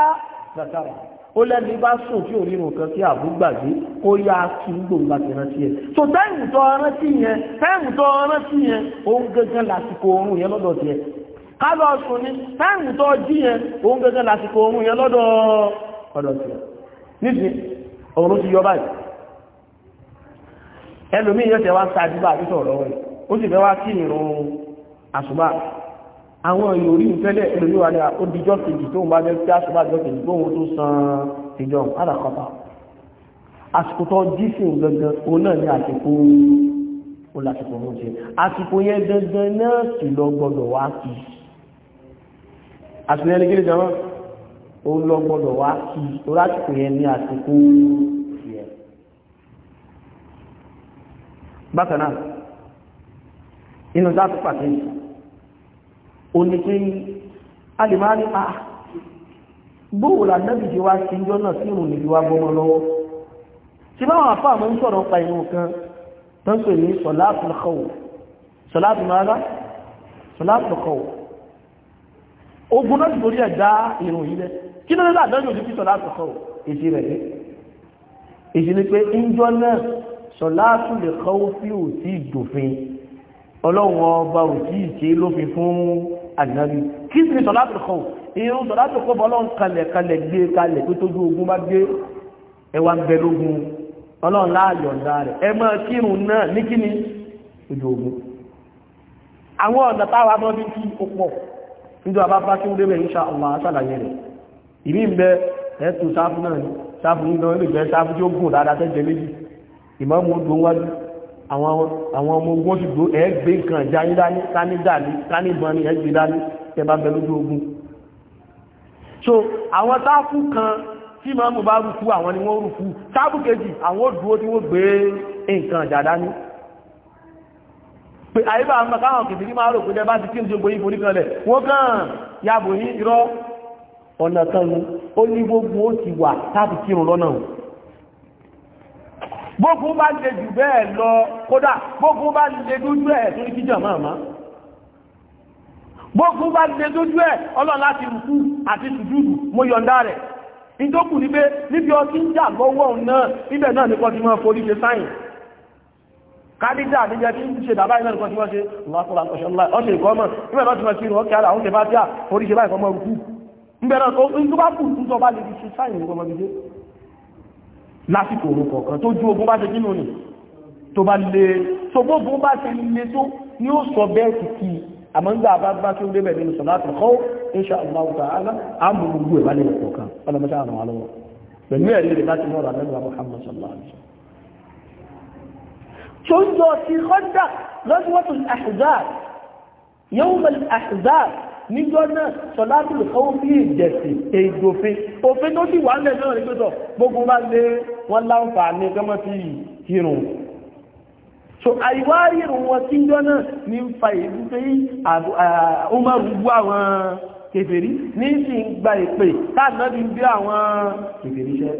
zakara ó lẹ́ni bá sùn tí ò nínú nǹkan tí àbú gbàgbé ó yá kí ń gbòm láti rántí ẹ̀ so táìmù tó rántí yẹn táìmù tó rántí yẹn ó ń gẹ́gẹ́ lásìkò oorun yẹn lọ́dọ̀ tiẹ̀ kálọ̀ sùn ní táìmù tó jí yẹn òun gẹ́gẹ́ lásìkò ohun yẹn lọ́dọ̀ ọ̀dọ̀ sí níbi ọ̀run ti yọ báyìí ẹlòmíì yóò tẹ́ wá sáàdúbà àtúntò ọ̀rọ̀ rẹ̀ ó sì fẹ́ wá kí ìrun àṣùbà àwọn ìròrí ìfẹ́lẹ̀ ẹlòmíì wà ní odijọ́ kejì tó ń bá fẹ́ kí àṣùbà àjọ kejì tó ń tó san ìjọ àdàkọ́ta àsìkò tó jí sí gangan òun náà ní àsìkò ó lásìkò mú ṣe àsìkò yẹn gangan náà sì lọ gbọdọ̀ wá kìí àtúnyẹ ní kí ni jọmọ́ ó lọ gbọ́dọ̀ wá kí i lásìkò yẹn ní àsìkò yẹn bákan náà inú dáàtú pàṣẹ ò ní pé a lè máa ní a bóòwò la nábì ti wá sí ìjọ náà sí ìrùn níbi wá gbọmọ lọ́wọ́ tí báwọn afọ àmọ́ ń sọ̀rọ̀ pa ìrùn kan tó ń pè ní sọ̀láàtù kọ̀wọ̀ sọ̀láàtù máa ogun náà torí ẹ̀ dá irun yìí lẹ kí ló dé àdájọ́ òjú pítọ̀ láti sọ èsì rẹ̀ ní èsì ni pé ìjọ náà sọ̀láàtù lè kọ́wọ́ sí òtí ìdòfin ọlọ́run ọba òtí ìṣe lófin fún ànábi kí sì ni sọ̀láàtù kọ́ irun sọ̀láàtù kọ́ bọ́ ọlọ́run kalẹ̀ kalẹ̀ gbé kalẹ̀ tó tójú ogun bá gbé ẹwà ń bẹ lógun ọlọ́run láàyò ọ̀dà rẹ̀ ẹ máa kírun náà ní kíni ojú ogun àwọn ọ̀nà táwa mọ́ bí kí ó pọ̀ níjọ́ àbá bá kí ó dé mẹ́rin ṣàlá ṣàlàyé rẹ̀ ìní ìbẹ́ ẹ̀tù sáfù náà ni sáfù nínú ilé ìgbẹ́ sáfù tí ó gùn dáadáa tẹ́jẹ́ méjì ìmọ̀mù odò wájú àwọn ọmọ ogun ti gbó ẹgbẹ́ so àwọn sáfù kan tí mọ̀mù bá rúfú ni wọ́n rúfú sáfù kejì àwọn òdúró tí wọ́n gbé nǹkan pé àyíbá àmàkáwọn kìtìrí máa rò pẹ́lẹ̀ bá ti kí n jogbo yí forí wọ́n kàn yàbò yí irọ́ ọ̀nà kan ní ó ní gbogbo ó ti wà tàbí kírun lọ́nà gbogbo bá lè jù bẹ́ẹ̀ lọ kódà gbogbo bá lè dójú ẹ̀ tó ní máa gbogbo bá lè dójú ẹ̀ ọlọ́run láti mo yọ̀ǹda rẹ̀ ìjókù ní pé ọtí ń jà lọ́wọ́ náà kádídà àdíjẹ́ tí ṣe dàbá ilẹ̀ nǹkan tí wọ́n ṣe ọ̀ṣẹ̀ ìkọ́mọ̀ nígbẹ̀rẹ̀ láti wọ́n ṣe ìrọ̀ kí ara àwọn tẹ̀bá tí à oríṣẹ́ láìkọ́ mọ́ rúkú nígbẹ̀rẹ̀ tó ń bá kù tó bá lè fi ṣe sáì nǹkan ọmọdé lásìkò òun kọ̀ọ̀kan tó ju ogun bá ṣe kínú ni tó bá lè tó gbógun bá ṣe lè tó ni ó sọ bẹ́ẹ̀ sì kí àmọ́ àwọn alọ́wọ́ pẹ̀lú ẹ̀rí rẹ̀ láti mọ́ra mẹ́rin tó ń jọ sí kọ́dà lọ́dúnwọ́tò ahzab yawmal ahzab níjọ́ náà sọ̀látù kan fi ìjẹ̀sì èdòfin òfin tó sì wà ń lẹ̀ náà rí pẹ́tọ̀ gbogbo bá lé wọn láǹfààní gọ́mọ́ sí kírun so àìwá ìrùn wọn tí jọ náà ní ń fa ìlú pé umaru gbú àwọn kèfèrí ní sì ń gba ìpè táà náà bí àwọn kèfèrí ṣẹ́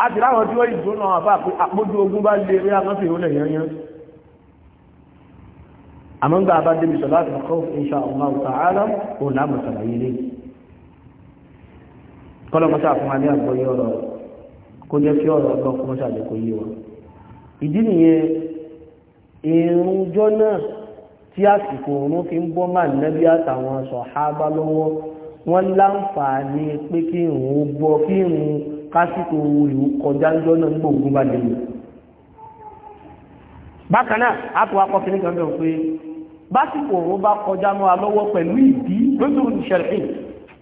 a ti ráwọn tí wọ́n ìdúnà àbá àpójú ogun bá lè rí àwọn fèrè olè yanyan àmọ́gbà bá débi sọ láti kọ́ insha Allah ta'ala ò láàmù sàlàyé lé kọ́lọ́mọ́sá fún alẹ́ àgbọ́yé ọ̀rọ̀ kó jẹ́ kí ọ̀rọ̀ ọgbọ́n kó mọ́sá lè kó yé wa ìdí nìyẹn ìrúnjọ́ náà tí àsìkò òun fi ń bọ́ máa nẹ́bí àtàwọn kásìkò ìlú kọjá ńjọ́ náà nígbà ogun bá dẹ̀lú bákan náà a tó akọ kìnnì kan bẹ̀rù pé básìkò òun bá kọjá mọ́ wa lọ́wọ́ pẹ̀lú ìdí lójú ìṣẹ̀lẹ̀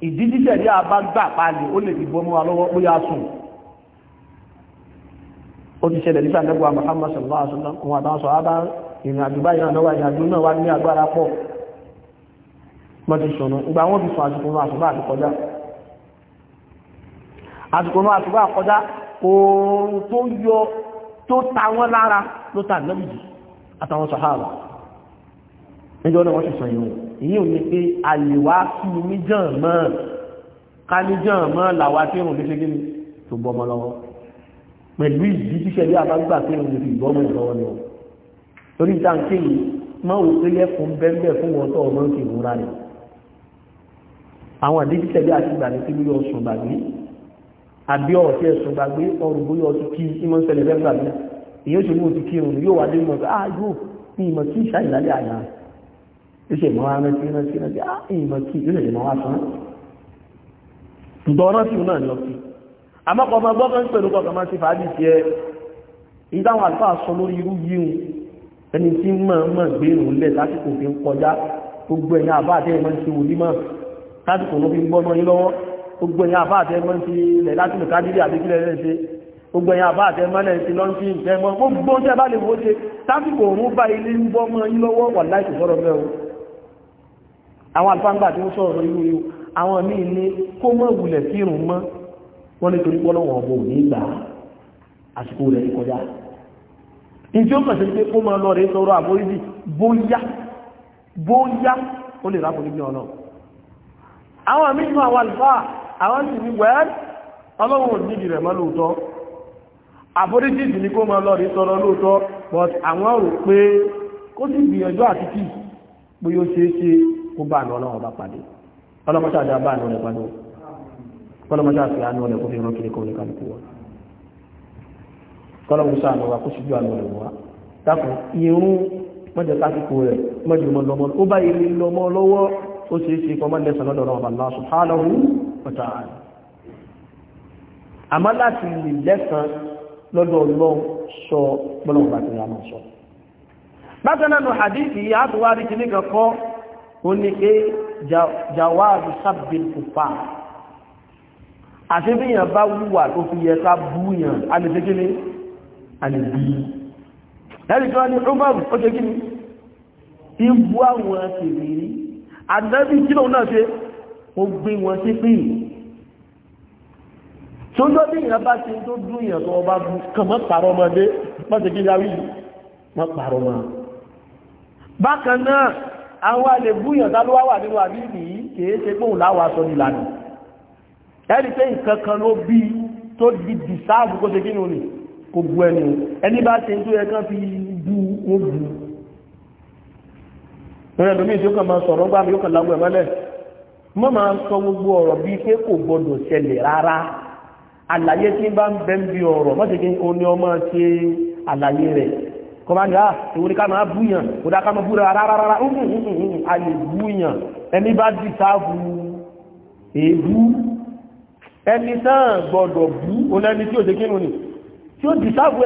ìdí jíjẹ̀ ní abá gbà palè ó lè dìbò mọ́ wa lọ́wọ́ ó yá sùn ó ti ṣẹlẹ̀ nígbà nẹ́gbà Muhammad sallallahu alaihi wasallam òun àtàwọn sọ abá ìrìn àjò báyìí náà lọ́wọ́ ìrìn àjò náà wá ní agbára pọ̀ mọ́ ti sọ̀nà ìgbà wọn ti sọ àsìkò náà àsìkò máa tó bá kọjá oòrùn tó yọ tó ta wọ́n lára ló ta nẹ́bì jù àtàwọn sàhábà níjọ́ náà wọ́n ti sàn yìí èyí ò ní pé àyèwá kí ní jàn mọ́ ká ní jàn mọ́ làwa tí òun léṣe gíní tó bọ́mọ lọ́wọ́ pẹ̀lú ìdí tíṣẹ́ bí abágbà tí òun lè fi bọ́mọ lọ́wọ́ ni ó torí ìta ń kéyìí mọ́ òun pé lẹ́kùn bẹ́ẹ̀ fún wọn tó ọmọ ń rẹ̀ àwọn àdéjìṣẹ́ àti ìgbà ní kí yọ sùn gbàgbé àbí ọ̀rọ̀ tí ẹ̀sùn gbàgbé ọrùn bóyá ọtí kí ní mọ́ sẹlẹ̀ fẹ́ gbàgbé èyí ṣe mú ti kí irun yóò wá dé mọ̀ ah yóò ní ìmọ̀ tí ìṣá ìlàlẹ̀ àná ìṣe mọ́ ara ah, ti rántí rántí ah ìmọ̀ tí ìṣe lè mọ́ wá ah, sán. ǹdọ́rọ́ sí náà ni ọtí àmọ́ kọ́ ọmọ gbọ́kàn pẹ̀lú kọ́ kọ́má sí fàájì tiẹ̀ ní táwọn àlùfáà sọ lórí irú yíhun ẹni tí mọ̀ mọ̀ gbé irun lẹ̀ lásìkò fi ń kọjá gbogbo ẹ̀yìn àbá àtẹ̀yìn mọ́ ṣe wòlímọ̀ lásìkò ló fi ń gbọ́ gbogbo ẹ̀yà àbá àtẹ́mọ́ ti ilẹ̀ láti lè kádìrí àbíkílẹ̀ rẹ̀ ṣe gbogbo ẹ̀yà àbá àtẹ́mọ́ lẹ̀ ti lọ́n sí ìtẹ́mọ́ gbogbo tẹ́ bá lè wó ṣe tásìkò òun bá ilé ń bọ́ mọ́ yín lọ́wọ́ wà láìsí sọ́rọ̀ mẹ́wọ́ àwọn àlùfáàgbà tí ó sọ̀rọ̀ irú irú àwọn míì ní kó mọ́ wulẹ̀ kírun mọ́ wọ́n ní torí pọ́lọ́wọ́ ọ̀bọ ò ní gbà àsìkò rẹ̀ ti kọjá ìjọ pẹ̀sẹ̀ pé kó mọ́ lọ rẹ̀ sọ̀rọ̀ àforíjì bóyá bóyá ó lè rábò nígbà ọ̀nà àwọn míì nú àwọn àlùfáà àwọn sì ní wẹ́ẹ́ ọlọ́run ò nídìí rẹ̀ mọ́ lóòótọ́ àforíjì sì ní kó máa lọ rí tọrọ lóòótọ́ but àwọn rò pé kó sì gbìyànjú àti kí pé ó ṣeé ṣe kó bá àná ọlọ́run bá pàdé ọlọ́mọṣà àti àbá àná rẹ̀ pàdé kọlọmọṣà àti àná rẹ̀ kó fi rán kiri kó ní kálukú wọn kọlọmọṣà àná wa kó sì ju àná rẹ̀ wá dákun irun mọ́jọ tásìkò rẹ̀ mọ́jọ mọ́ lọ́mọ́ ó bá ilé lọ́mọ́ lọ́wọ́ ó ṣeé ṣe kọ́ lẹ́sàn lọ́dọ̀ ọ̀rọ̀ ọ̀tàrà àmọ́ láti lè lẹ́sàn lọ́dọ̀ ọlọ́run sọ pọ́lọ́run bá ti rà máa sọ bákan náà nù hadithi yìí àtúwárí kìíní kan kọ́ ó ní pé jawaazu sábìl kùfà àti bíyàn bá wúwà tó fi yẹ ká búyàn a lè ṣe kíni a lè bí ẹni tó ní ọmọrùn ó ṣe kíni ibú àwọn kìrìrí àdábì kí lóun náà ṣe ó gbé wọn sí pé tí ó ń dọ́bí ìyàn bá ti tó dún ìyàn tó ọba bú kàn mọ́ pàrọ̀ ọmọdé mọ́sí kí yáwí mọ́ pàrọ̀ ọmọ bákan náà àwọn àlèbú ìyàn tá ló wá wà nínú àbíbì yìí kìí ṣe pòun láwà sọ ní ìlànà ẹni pé nǹkan kan ló bí tó di dìsáàbù kó ṣe kínú ni kò bu ẹnu ẹni bá ṣe tó yẹ kán fi bú ó bú ìrẹ̀lómi ìṣókàn máa sọ̀rọ̀ gbàmù yóò kàn lágbó ẹ̀mọ́lẹ̀ mo máa ń sọ gbogbo ọ̀rọ̀ bíi pé kò gbọdọ̀ ṣẹlẹ̀ rárá àlàyé tí bá ń bẹ ń bi ọ̀rọ̀ mọ́ tẹ̀kí oní ọmọ ṣe àlàyé rẹ̀ kọ́mánì á ìwúrí ká máa búyàn kò dá máa búra rárá rárá a lè búyàn ẹni bá dì sáàbù èébú ẹni sáà gbọdọ̀ bú olẹ́ni tí ó ṣe kínú ni tí ó dì sáàbù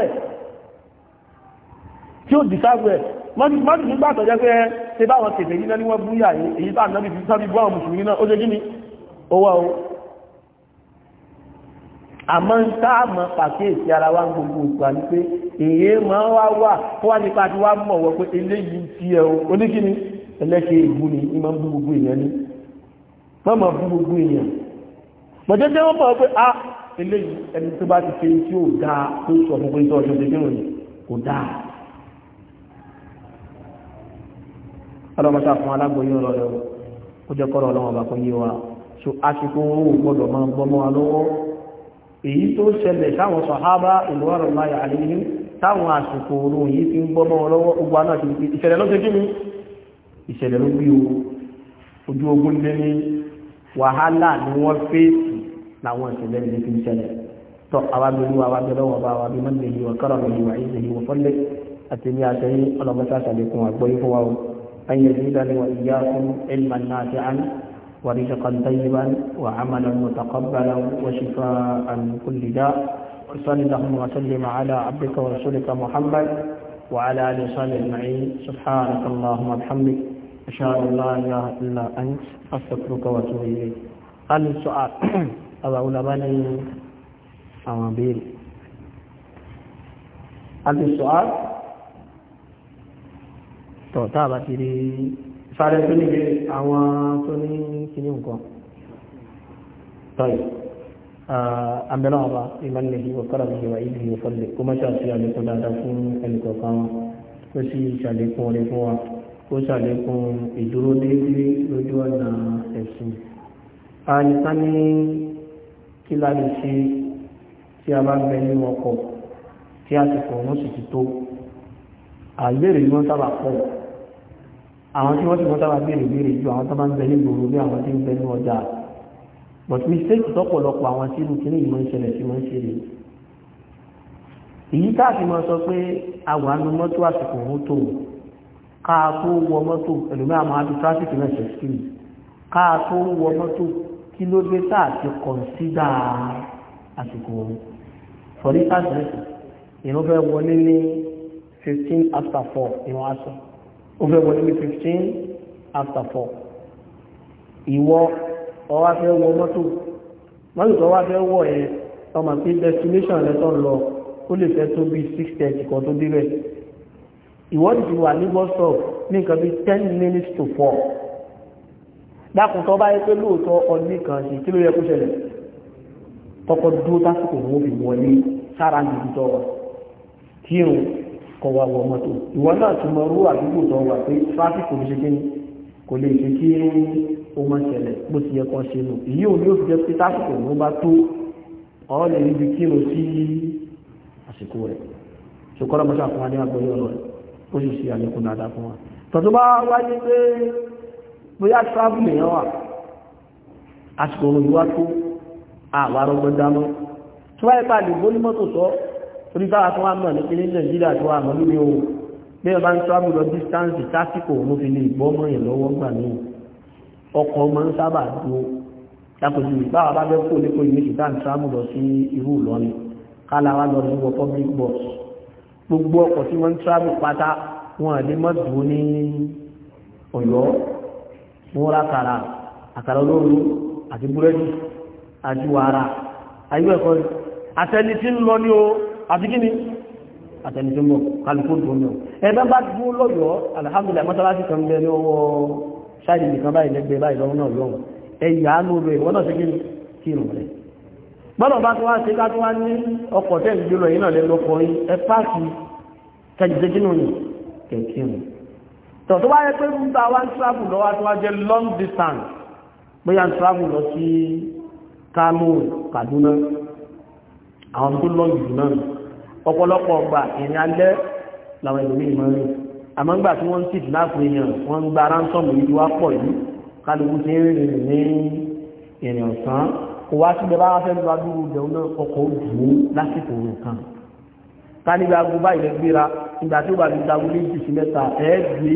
ẹ̀ mọ́tí nígbà tó jẹ́ pé ṣe báwọn tèfè yí náà ní wọ́n bú yà èyí tá ànábì fi sábì bú àwọn mùsùlùmí náà ó jẹ́ gíní owó o wa gbogbo ìgbà ní pé èyí máa wá wà kó wá nípa tí wá mọ̀ wọ́n pé eléyìí ti ẹ̀ o oníkíní ẹlẹ́ṣẹ̀ ni ìmọ̀ ń bú gbogbo èèyàn ní mọ́mọ́ bú ọlọ́mọṣá fún alágbóyún ọ̀rọ̀ rẹ̀ ó jẹ́ kọ́rọ̀ ọlọ́wọ́n bá kó yé wa so àsìkò owó gbọ́dọ̀ máa gbọ́mọ́ wa lọ́wọ́ èyí tó ṣẹlẹ̀ sáwọn sọ̀hábà ìlú ọ̀rọ̀ láyà àlejò táwọn àsìkò oró yìí fi ń gbọ́mọ́ wọn lọ́wọ́ ogun aná ti fi ìṣẹ̀lẹ̀ ló ṣe kí ni ìṣẹ̀lẹ̀ ló bí o ojú ogun lé ní wàhálà ni wọ́n fèsì làwọn ìṣẹ̀lẹ̀ ilé fi ń أن يزيدني وإياكم علما نافعا ورزقا طيبا وعملا متقبلا وشفاء من كل داء وصل اللهم وسلم على عبدك ورسولك محمد وعلى آله وصحبه أجمعين سبحانك اللهم وبحمدك أشهد أن لا إله إلا أنت أستغفرك وأتوب إليك قال السؤال أبا بني أمامير هل السؤال tọ̀ tá a bá ti rí sáré tó níbi àwọn tó ní kíní nǹkan tọ́yì àmẹ́lá ọba ìmọ̀lẹ́hì ọ̀kọ́rọ̀ mi wà ìlú ìfọ̀lẹ̀ kó má ṣàṣì àlékún dáadáa fún ẹnìkọ̀ọ̀kan wọn ó sì ṣàlékún orí fún wa ó ṣàlékún ìdúró déédéé lójú ọ̀nà ẹ̀sìn. a nìkan ní kí láti tí a bá ń nínú ọkọ̀ tí àsìkò òun sì ti tó àgbèrè ni wọ́n sábà pọ̀ àwọn tí wọ́n ti wọ́n sábà béèrè béèrè ju àwọn tó bá ń bẹ ní gbòòrò bí àwọn tí ń bẹ ní ọjà but mistake tọ́pọ̀lọpọ̀ àwọn tí irú kíní ìmọ̀ ìṣẹ̀lẹ̀ tí wọ́n ṣe rè èyí káàkiri máa sọ pé àwọn àánú mọ́tò àsìkò òun tó káà tó wọ mọ́tò ẹlòmí àwọn àti traffic náà ṣe sí káà tó wọ mọ́tò kí ló dé tá fifteen after four ni wọ́n á sọ ó fẹ́ wọlé ní fifteen after four ìwọ ọwọ́ afẹ́ wọ mọ́tò mọ́tò tó wá fẹ́ wọ ẹ̀ ọmọ pé destination rẹ̀ tó ń lọ ó lè fẹ́ tó bí six thirty kan tó débẹ̀ ìwọ́dì ti wà ní bọ́sọ̀ ní nǹkan bí ten minutes to four dákùn tó bá yẹ pé lóòótọ́ ọdún kan sí kí ló yẹ kó ṣẹlẹ̀ tọkọ dúró tásìkò ní wọ́n fi wọlé sára nìbí tọrọ kírun kọ wa wọ mọ́tò ìwọ náà ti mọ rú àdúgbò tó wà pé tráfíkì kò ṣe kí kò lè ṣe kí ó mọ ṣẹlẹ̀ bó ti yẹ kan ṣe nù èyí ò ní ó fi jẹ́ pé tásìkò ló bá tó ọ lè níbi kírun sí àsìkò rẹ̀ ṣùkọ́rọ̀ mọ́ṣà fún wa ní agbóyè ọ̀rọ̀ rẹ̀ ó sì ṣe àlékún dáadáa fún wa tọ́tù bá wáyé pé bóyá travel èèyàn wà àsìkò òun ìwá tó àwárọ̀ gbọ́dáná tí wáyé pàdé bólúmọ́tò sọ torí báwa tó wá mọ̀ ní pé ní nàìjíríà tó wà mọ́ lọ distance tásìkò mo fi lè gbọ́ mọ́ yẹn lọ́wọ́ gbà mí ọkọ̀ máa ń sábà dúró lápòjú báwa bá fẹ́ kó nípo ìmí ṣùgbọ́n à public bus gbogbo ọkọ̀ tí wọ́n ń travel pátá wọn àdé mọ́ dúró ní Ọ̀yọ́ múra kàrà àkàrà olóòrùn àti búrẹ́dì àti wàrà ayé àtẹni tí ń lọ ní o àti kí ni àtẹnudọ́mọ̀ kálukú dùnmọ̀ ẹgbẹ́ bá dúró lọ́yọ̀ọ́ alhamdulillah mọ́sálásí kan bẹ ní ọwọ́ ṣáàdì nìkan báyìí lẹ́gbẹ̀ẹ́ báyìí lọ́wọ́ náà lọ́wọ́ ẹ̀yà ánú rẹ̀ wọ́n náà ṣe kí ni kí irun rẹ̀ gbọ́dọ̀ bá tó wá ṣe ká tó wá ní ọkọ̀ tẹ́ ìgbé lọ yìí náà lẹ́nu ọkọ̀ yìí ẹ páàkì kẹjìdé kí nù kẹ̀kí rù tọ̀ tó wá yẹ pé ń ta wá ń travel lọ́wọ́ tó wá jẹ́ long distance bóyá ń travel lọ sí Kánò Kaduna àwọn tó lọ́ọ̀ jù ọ̀pọ̀lọpọ̀ ọgbà ìrìn alẹ́ làwọn ẹlòmíì máa ń rìn àmọ́ ńgbà tí wọ́n ń tìtì láàpù èèyàn wọ́n ń gba ránsọ́mù yìí wá pọ̀ yìí kálukú ti ń rìn ní ìrìn ọ̀sán kò wá síbẹ̀ bá wá fẹ́ lọ adúrú ìdẹ̀wò náà ọkọ̀ òjò lásìkò òun kan ká níbi aago báyìí lẹ gbéra ìgbà tí ó bá fi dago méjì sí mẹ́ta ẹ̀ gbé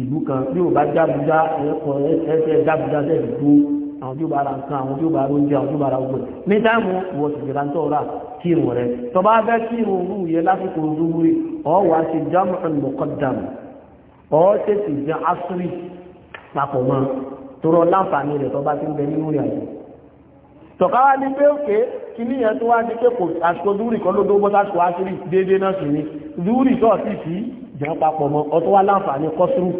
ìlú kan bí ò bá jábùjá ẹ̀kọ́ jábùjá sẹ́ẹ̀ dúró àwọn tí ó bá ra nǹkan àwọn tí ó bá ra oúnjẹ àwọn tí ó bá ra oúnjẹ ní táàmù wọ́n sì ń tọ́ ra kírun rẹ̀ tó bá fẹ́ kírun rú yẹ lásìkò rúwúrí ọ wà ṣe jam'un muqaddam ọ tètè jẹ asiri papọ̀ mọ́ torọ láǹfààní rẹ̀ tó bá ti ń bẹ nínú rẹ̀ àjò tọ̀káwá ní pé òkè kí ní yẹn tó wá ní pé kò àsìkò dúrì kan ló dógbó sásìkò asiri déédéé náà sì ni dúrì tó ti fi jẹ́ papọ̀ mọ́ ọ tó wá láǹfààní kọ́sùrù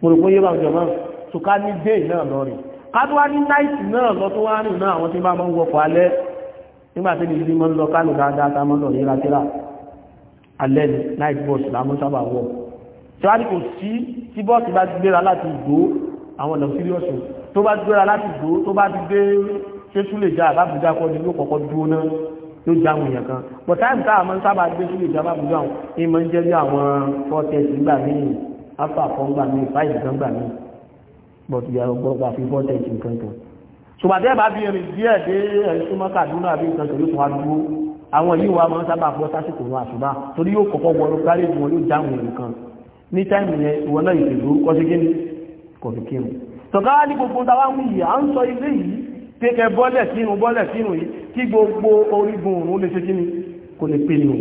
mo rò pé yé bàjọ́ náà tùká ní déè náà lọ rìn kádùá ní náà lọ tó wá rìn náà àwọn tí bá máa ń wọkọ̀ alẹ́ nígbàtí ní ìdí mọ́ ń lọ kánù dáadáa ta mọ́ lọ ní ìlàtíra alẹ́ ní night bus lámọ́ sábà wọ̀ tíwárí kò sí tí bọ́ọ̀sì bá ti gbéra láti ìgbó àwọn ọ̀nà síríọ̀sù tó bá gbéra láti ìgbó tó bá ti gbé ṣéṣú lè já àbábùjá kọ́ ni yóò kọ́kọ́ dúró náà yóò já àwọn èèyàn kan but time tá a mọ́ sábà gbé ṣú lè já àbábùjá àwọn ìmọ̀ ń jẹ́ bí àwọn fọ́tẹ̀sì gbà míì afọ àfọ́ gbà míì fáìlì kan gbà míì but ìyàwó gbọ́ tòbàtẹ́ bá bí irin díẹ̀ dé ẹ̀yìn tó mọ́ta dúró àbí nǹkan tó ló fún wa dúró àwọn yìí wa máa ń sábà gbọ́ sásìkò wọn àṣùbá torí yóò kọ́kọ́ wọnú kárí ìwọ̀n ló já àwọn nǹkan ní táìmù yẹn ìwọ náà ìṣèlú kọ́sí kí ni kò ni. tọ́ka wá ní gbogbo táwa ń yìí à ń sọ ilé yìí pé kẹ bọ́lẹ̀ sínú bọ́lẹ̀ sínú yìí kí gbogbo orígun òun lè ṣe kí ni kò lè pè nù.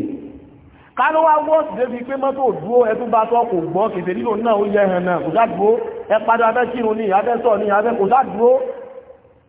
kánú wá wọ́ọ̀sì débi pé mọ́tò dúró ẹtú bá tọ́ kò gbọ́ kèfèrí lòun náà ó yẹ hàn náà kò sádùúró ẹ padà abẹ́ kírun ní abẹ́ sọ̀ ní abẹ́ kò sádùúró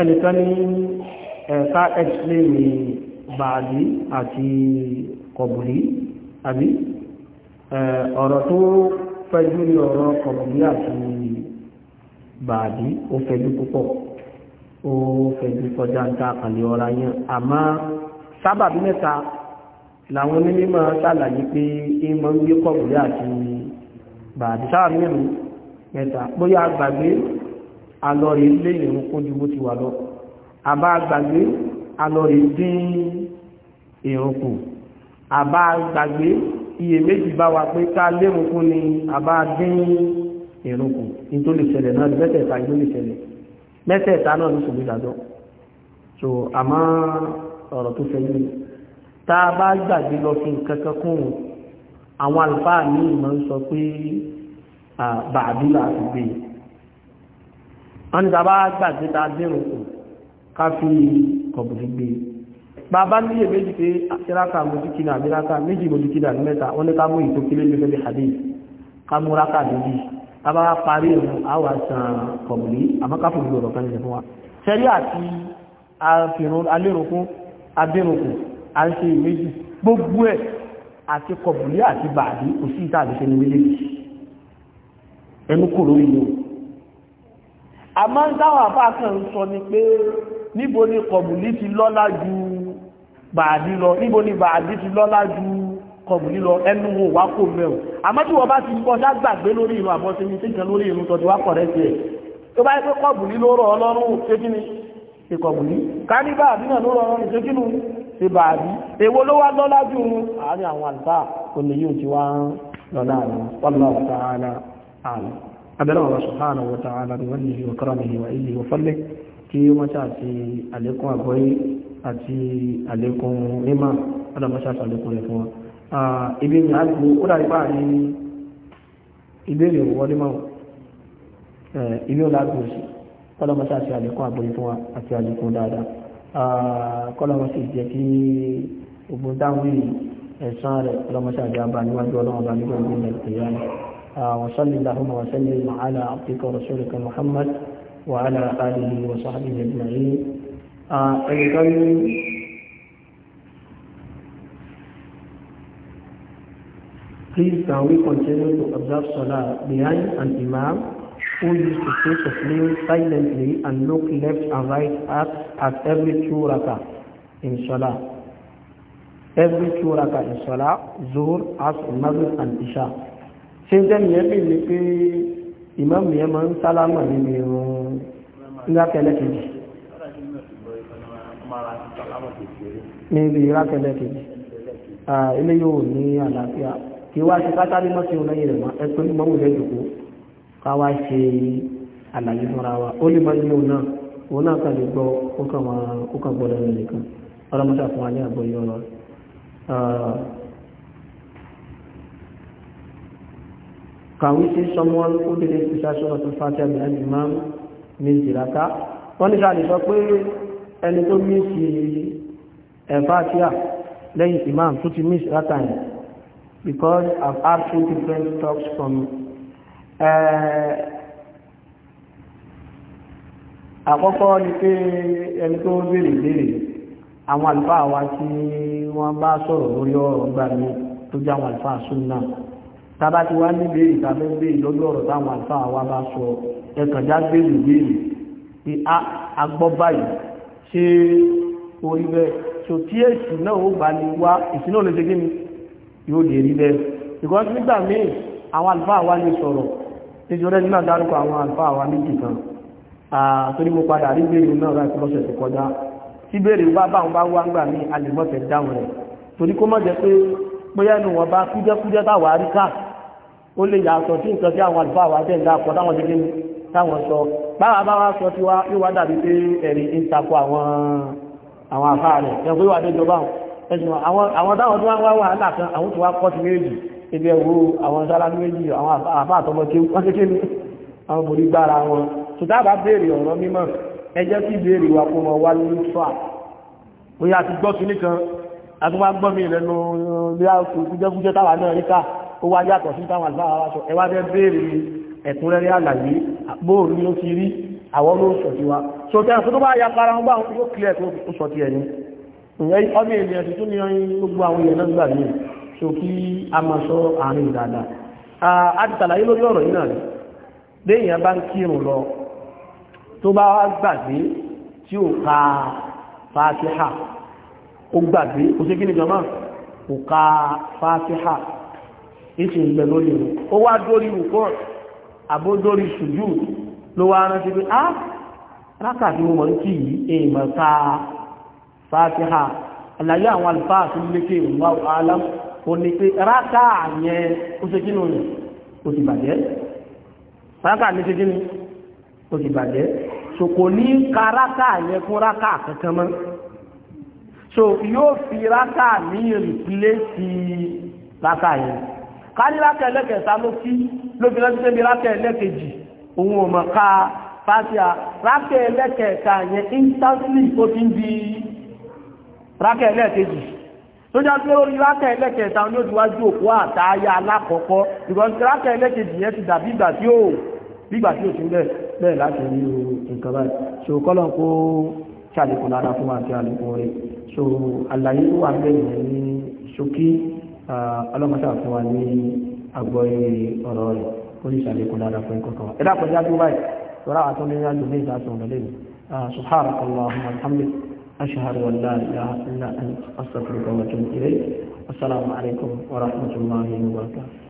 ẹnìkan ní ẹ̀ka ẹ̀ṣìlẹ̀mì bàálí àti kọ̀bùrí àbí ọ̀rọ̀ tó fẹ́jú ní ọ̀rọ̀ kọ̀bùrí àti bàálí ó fẹ́jú púpọ̀ ó fẹ́jú kọjá ń ta àkàlẹ̀ ọ̀rá yẹn àmọ́ sábàbí mẹ́ta làwọn onímọ̀ ṣàlàyé pé ìmọ̀ ń gbé kọ̀bùrí àti bàálí sábàbí mẹ́ta bóyá gbàgbé alọ́rẹ̀ ilé ìrìn kún ju bó ti wà lọ àbá gbàgbé alọ́rẹ̀ dín ìrìn kù àbá gbàgbé iyèméjì bá wa pé ká lérun kún ni àbá dín ìrìn kù ní tó lè ṣẹlẹ̀ náà mẹ́tẹ̀ẹ̀ta ló lè ṣẹlẹ̀ mẹ́tẹ̀ẹ̀ta náà ló sùn nígbàdọ́ so àmọ́ ọ̀rọ̀ tó fẹ́ yìí tá a bá gbàgbé lọ fi nǹkan kan kún àwọn àlùfáà ní ìmọ̀ sọ pé bàbí làá ti gbé yìí e wọ́n ta bá gbàgbé ta dínrùn kù ká fi kọ̀bù fi gbé bàbá ní iye méjì pé àtìráka mojúkínà àbíraka méjì mojúkínà ní mẹ́ta wọ́n ní ká mú ìtò kílé lóṣẹ́ bí hadith ká mú raka méjì ká wa parí ìrùn àwọn àṣàn kọ̀bù àmọ́ ká fòmìlì ọ̀rọ̀ kan fún wa sẹ́rí àti àfihàn alérùnkún adérùnkún à ń ṣe méjì gbogbo ẹ̀ àti kọ̀bù lé àti bàdí kò sí ìta àdìsẹ́ ní méjèèjì ẹnu kò lórí àmọ́ ń dáwọn àfáàkàn ń sọ ni pé níbo ni kọ̀bùlí ti lọ́lá ju bàálí lọ níbo ni bàálí ti lọ́lá ju kọ̀bùlí lọ ẹnu wo wá kò mẹ́wò àmọ́ tí wọ́n bá ti kọ́ ságbàgbé lórí ìrun àbọ̀sí ní tẹ́jọ lórí ìrun tọ́jú wá kọ̀rẹ́ tiẹ̀ tó bá yẹ pé kọ̀bùlí ló rọ̀ ọlọ́run ṣé kí ni ṣe kọ̀bùlí ká ní náà ló rọ̀ ọlọ́run ṣé kí ni ṣe bàálí èwo ló wá lọ́lá jù ú àárín àwọn àlùfáà kò ní yóò ti wá lọ́lá àná wọ́n lọ́ọ̀ abẹ́rẹ́ Allah subhanahu wa ta'ala bi wajhihi wa karamihi wa illihi wa fadlihi kí wọ́n ṣe àti àlékún àgbọ́yé àti àlékún mímọ́ ọlọ́mọṣẹ́ àti àlékún rẹ̀ fún wọn. ibi ni a gbó ó dàrí báà ní ìbéèrè wọlé mọ́ ibi ó lágbó sí ọlọ́mọṣẹ́ àti àlékún àgbọ́yé fún wa àti àlékún dáadáa kọ́lọ́mọṣẹ́ jẹ́ kí ogun dáhùn ẹ̀sán rẹ̀ ọlọ́mọṣẹ́ àti àbá níwájú ọlọ́mọba nígbà gbé وصل اللهم وسلم على عبدك ورسولك محمد وعلى آله وصحبه أجمعين أيضا Please can we continue to observe Salah behind an Imam who used to to sleep silently and look left and right at, at every two rakah in Salah. Every two rakah in Salah, Zuhr, Asr, Maghrib and Isha. ṣe ń tẹ́lẹ̀ yẹn bèèrè pé ìmáàmù yẹn máa ń sálámà nínú irun ìrákẹ́lẹ́kejì níbi ìrákẹ́lẹ́kejì ilé yóò ní àlàáfíà kí wá ṣe kátàrí mọ́ sí ọlọ́yìn rẹ̀ ẹ pé mọ́mù rẹ̀ jòkó ká wá ṣe àlàyé fúnra wa ó lè máa yóò náà òun náà kàn lè gbọ́ ó kàn gbọ́dọ̀ nìkan ọlọ́mọṣà fún wa ní àgbọ̀yọ́ ọ̀rọ̀ Can we see someone who didn't recite of Al-Fatiha behind Imam means Jiraka? Wọ́n ní sáàdì sọ pé ẹni tó mí sí ẹ̀fàtíà lẹ́yìn Imam tó ti mí sí Raka because I've had two different talks from eh, àkọ́kọ́ ni pé ẹni tó béèrè béèrè àwọn àlùfáà wa tí wọ́n bá sọ̀rọ̀ lórí ọ̀rọ̀ gbà ní tó jẹ́ àwọn àlùfáà Sunnah tàbá ti wá ní béèrè tàbí béèrè lọ́dún ọ̀rọ̀ táwọn àlùfáà wa bá sọ ẹ̀kànjá béèrè béèrè pé a gbọ́ báyìí ṣé orí bẹ́ẹ̀ tó tí èsì náà ó bá ní wá èsì náà lè ṣe kí ni yóò lè rí bẹ́ẹ̀ because nígbà míì àwọn àlùfáà wa lè sọ̀rọ̀ nítorí ẹni náà dárúkọ àwọn àlùfáà wa méjì kan torí mo padà rí béèrè náà láti lọ́sẹ̀ tó kọjá tí béèrè bá báwọn bá wá ń gbà míì a lè dáhùn rẹ̀ torí kó mọ̀ jẹ́ pé bóyá inú wọn bá kújẹ́kújẹ́ táwọn àríkà ó lè yàtọ̀ sí nǹkan tí àwọn àlùfáà wà tẹ̀ ń dápọ̀ táwọn dídí ní táwọn sọ báwa báwa sọ tí wá yóò wá dàbí pé ẹ̀rí ń takò àwọn àwọn àfáà rẹ̀ ẹ̀ pé wà dé ìjọba ẹ̀sùn àwọn táwọn tó wá wá wà ńlá kan àwọn tó wá kọ́ sí méjì ibi ẹ̀wò àwọn sára méjì àwọn àfáà tọmọ tí wọ́n ṣe kí ni àwọn mòrí gbára wọn tó dábàá béèrè ọ̀rọ̀ mímọ́ ẹ jẹ́ kí béèrè wa kó wọn wá lórí fà bóyá ti gbọ́ sí nìkan àtúwá gbọ́ mi lẹ́nu bí a kò kújẹ́kújẹ́ táwa náà ríkà ó wá yàtọ̀ sí táwọn àlùfáà wa sọ ẹ wá fẹ́ béèrè ẹ̀kúnrẹ́rẹ́ àlàyé bóòlù ló ti rí àwọn ló sọ wa so tẹ́ tó bá ya para wọn bá clear tó ó sọ ti ẹ̀yìn ìyẹn ọmọ ènìyàn ti tún ní ọyìn gbogbo àwọn èèyàn náà gbà yìí so kí a máa sọ àárín dáadáa a ti tàlàyé ó gbàgbé kò sí kí ni jọmọ́ kò ka fátíhà ìṣe ìgbẹ̀ lórí rẹ̀ ó wá dórí rùkọ́ àbó dórí ṣùjú ló wá rántí pé á rákà tí mo mọ̀ ní kí yìí èèmọ̀ ka fátíhà àlàyé àwọn àlùfáà tó lékè ìwà alam ó ní pé rákà yẹn ó ṣe ni ó bàjẹ́ rákà ní ṣe ni ó ti bàjẹ́ so ní ka rákà yẹn fún rákà kankan mọ́ so yóò fi rákà ní rìpílẹ́sì rákà yẹn kárí rákà ẹlẹ́kẹ̀ẹ́ta ló kí ló fi rántí sẹ́mi rákà ẹlẹ́kẹ̀ẹ́jì òun ò mọ̀ ká fásíà rákà ẹlẹ́kẹ̀ẹ́ta yẹn instantly ó ti ń di rákà ẹlẹ́kẹ̀ẹ́jì tó já pé orí rákà ẹlẹ́kẹ̀ẹ́ta ni ó ti wá ju òkú àtàyà alákọ̀ọ́kọ́ ìgbọ̀n rákà ẹlẹ́kẹ̀ẹ́jì yẹn ti dàbí ìgbà tí ó bígbà tí ó ti rẹ̀ bẹ́ẹ̀ láti rí nǹkan báyìí ṣòkọ́lọ̀ kó ṣàlékún lára fún àti àlékún rẹ̀ so àlàyé wà bẹ́ẹ̀ ní ṣókí ọlọ́mọṣà fún wa ní agbọ́yé ọ̀rọ̀ rẹ̀ ó sì ṣàlékún dáadáa fún ẹ̀kọ́ kan ẹ̀dá kọjá tó báyìí lọ́rọ̀ àtọ́ ní ìrìnàjò ní ìdásùn ọ̀nà lẹ́nu subhanaka allahumma alhamdulilayi ashhadu an ilaha illa anta astaghfiruka wa atubu ilayk assalamu wa rahmatullahi wa barakatuh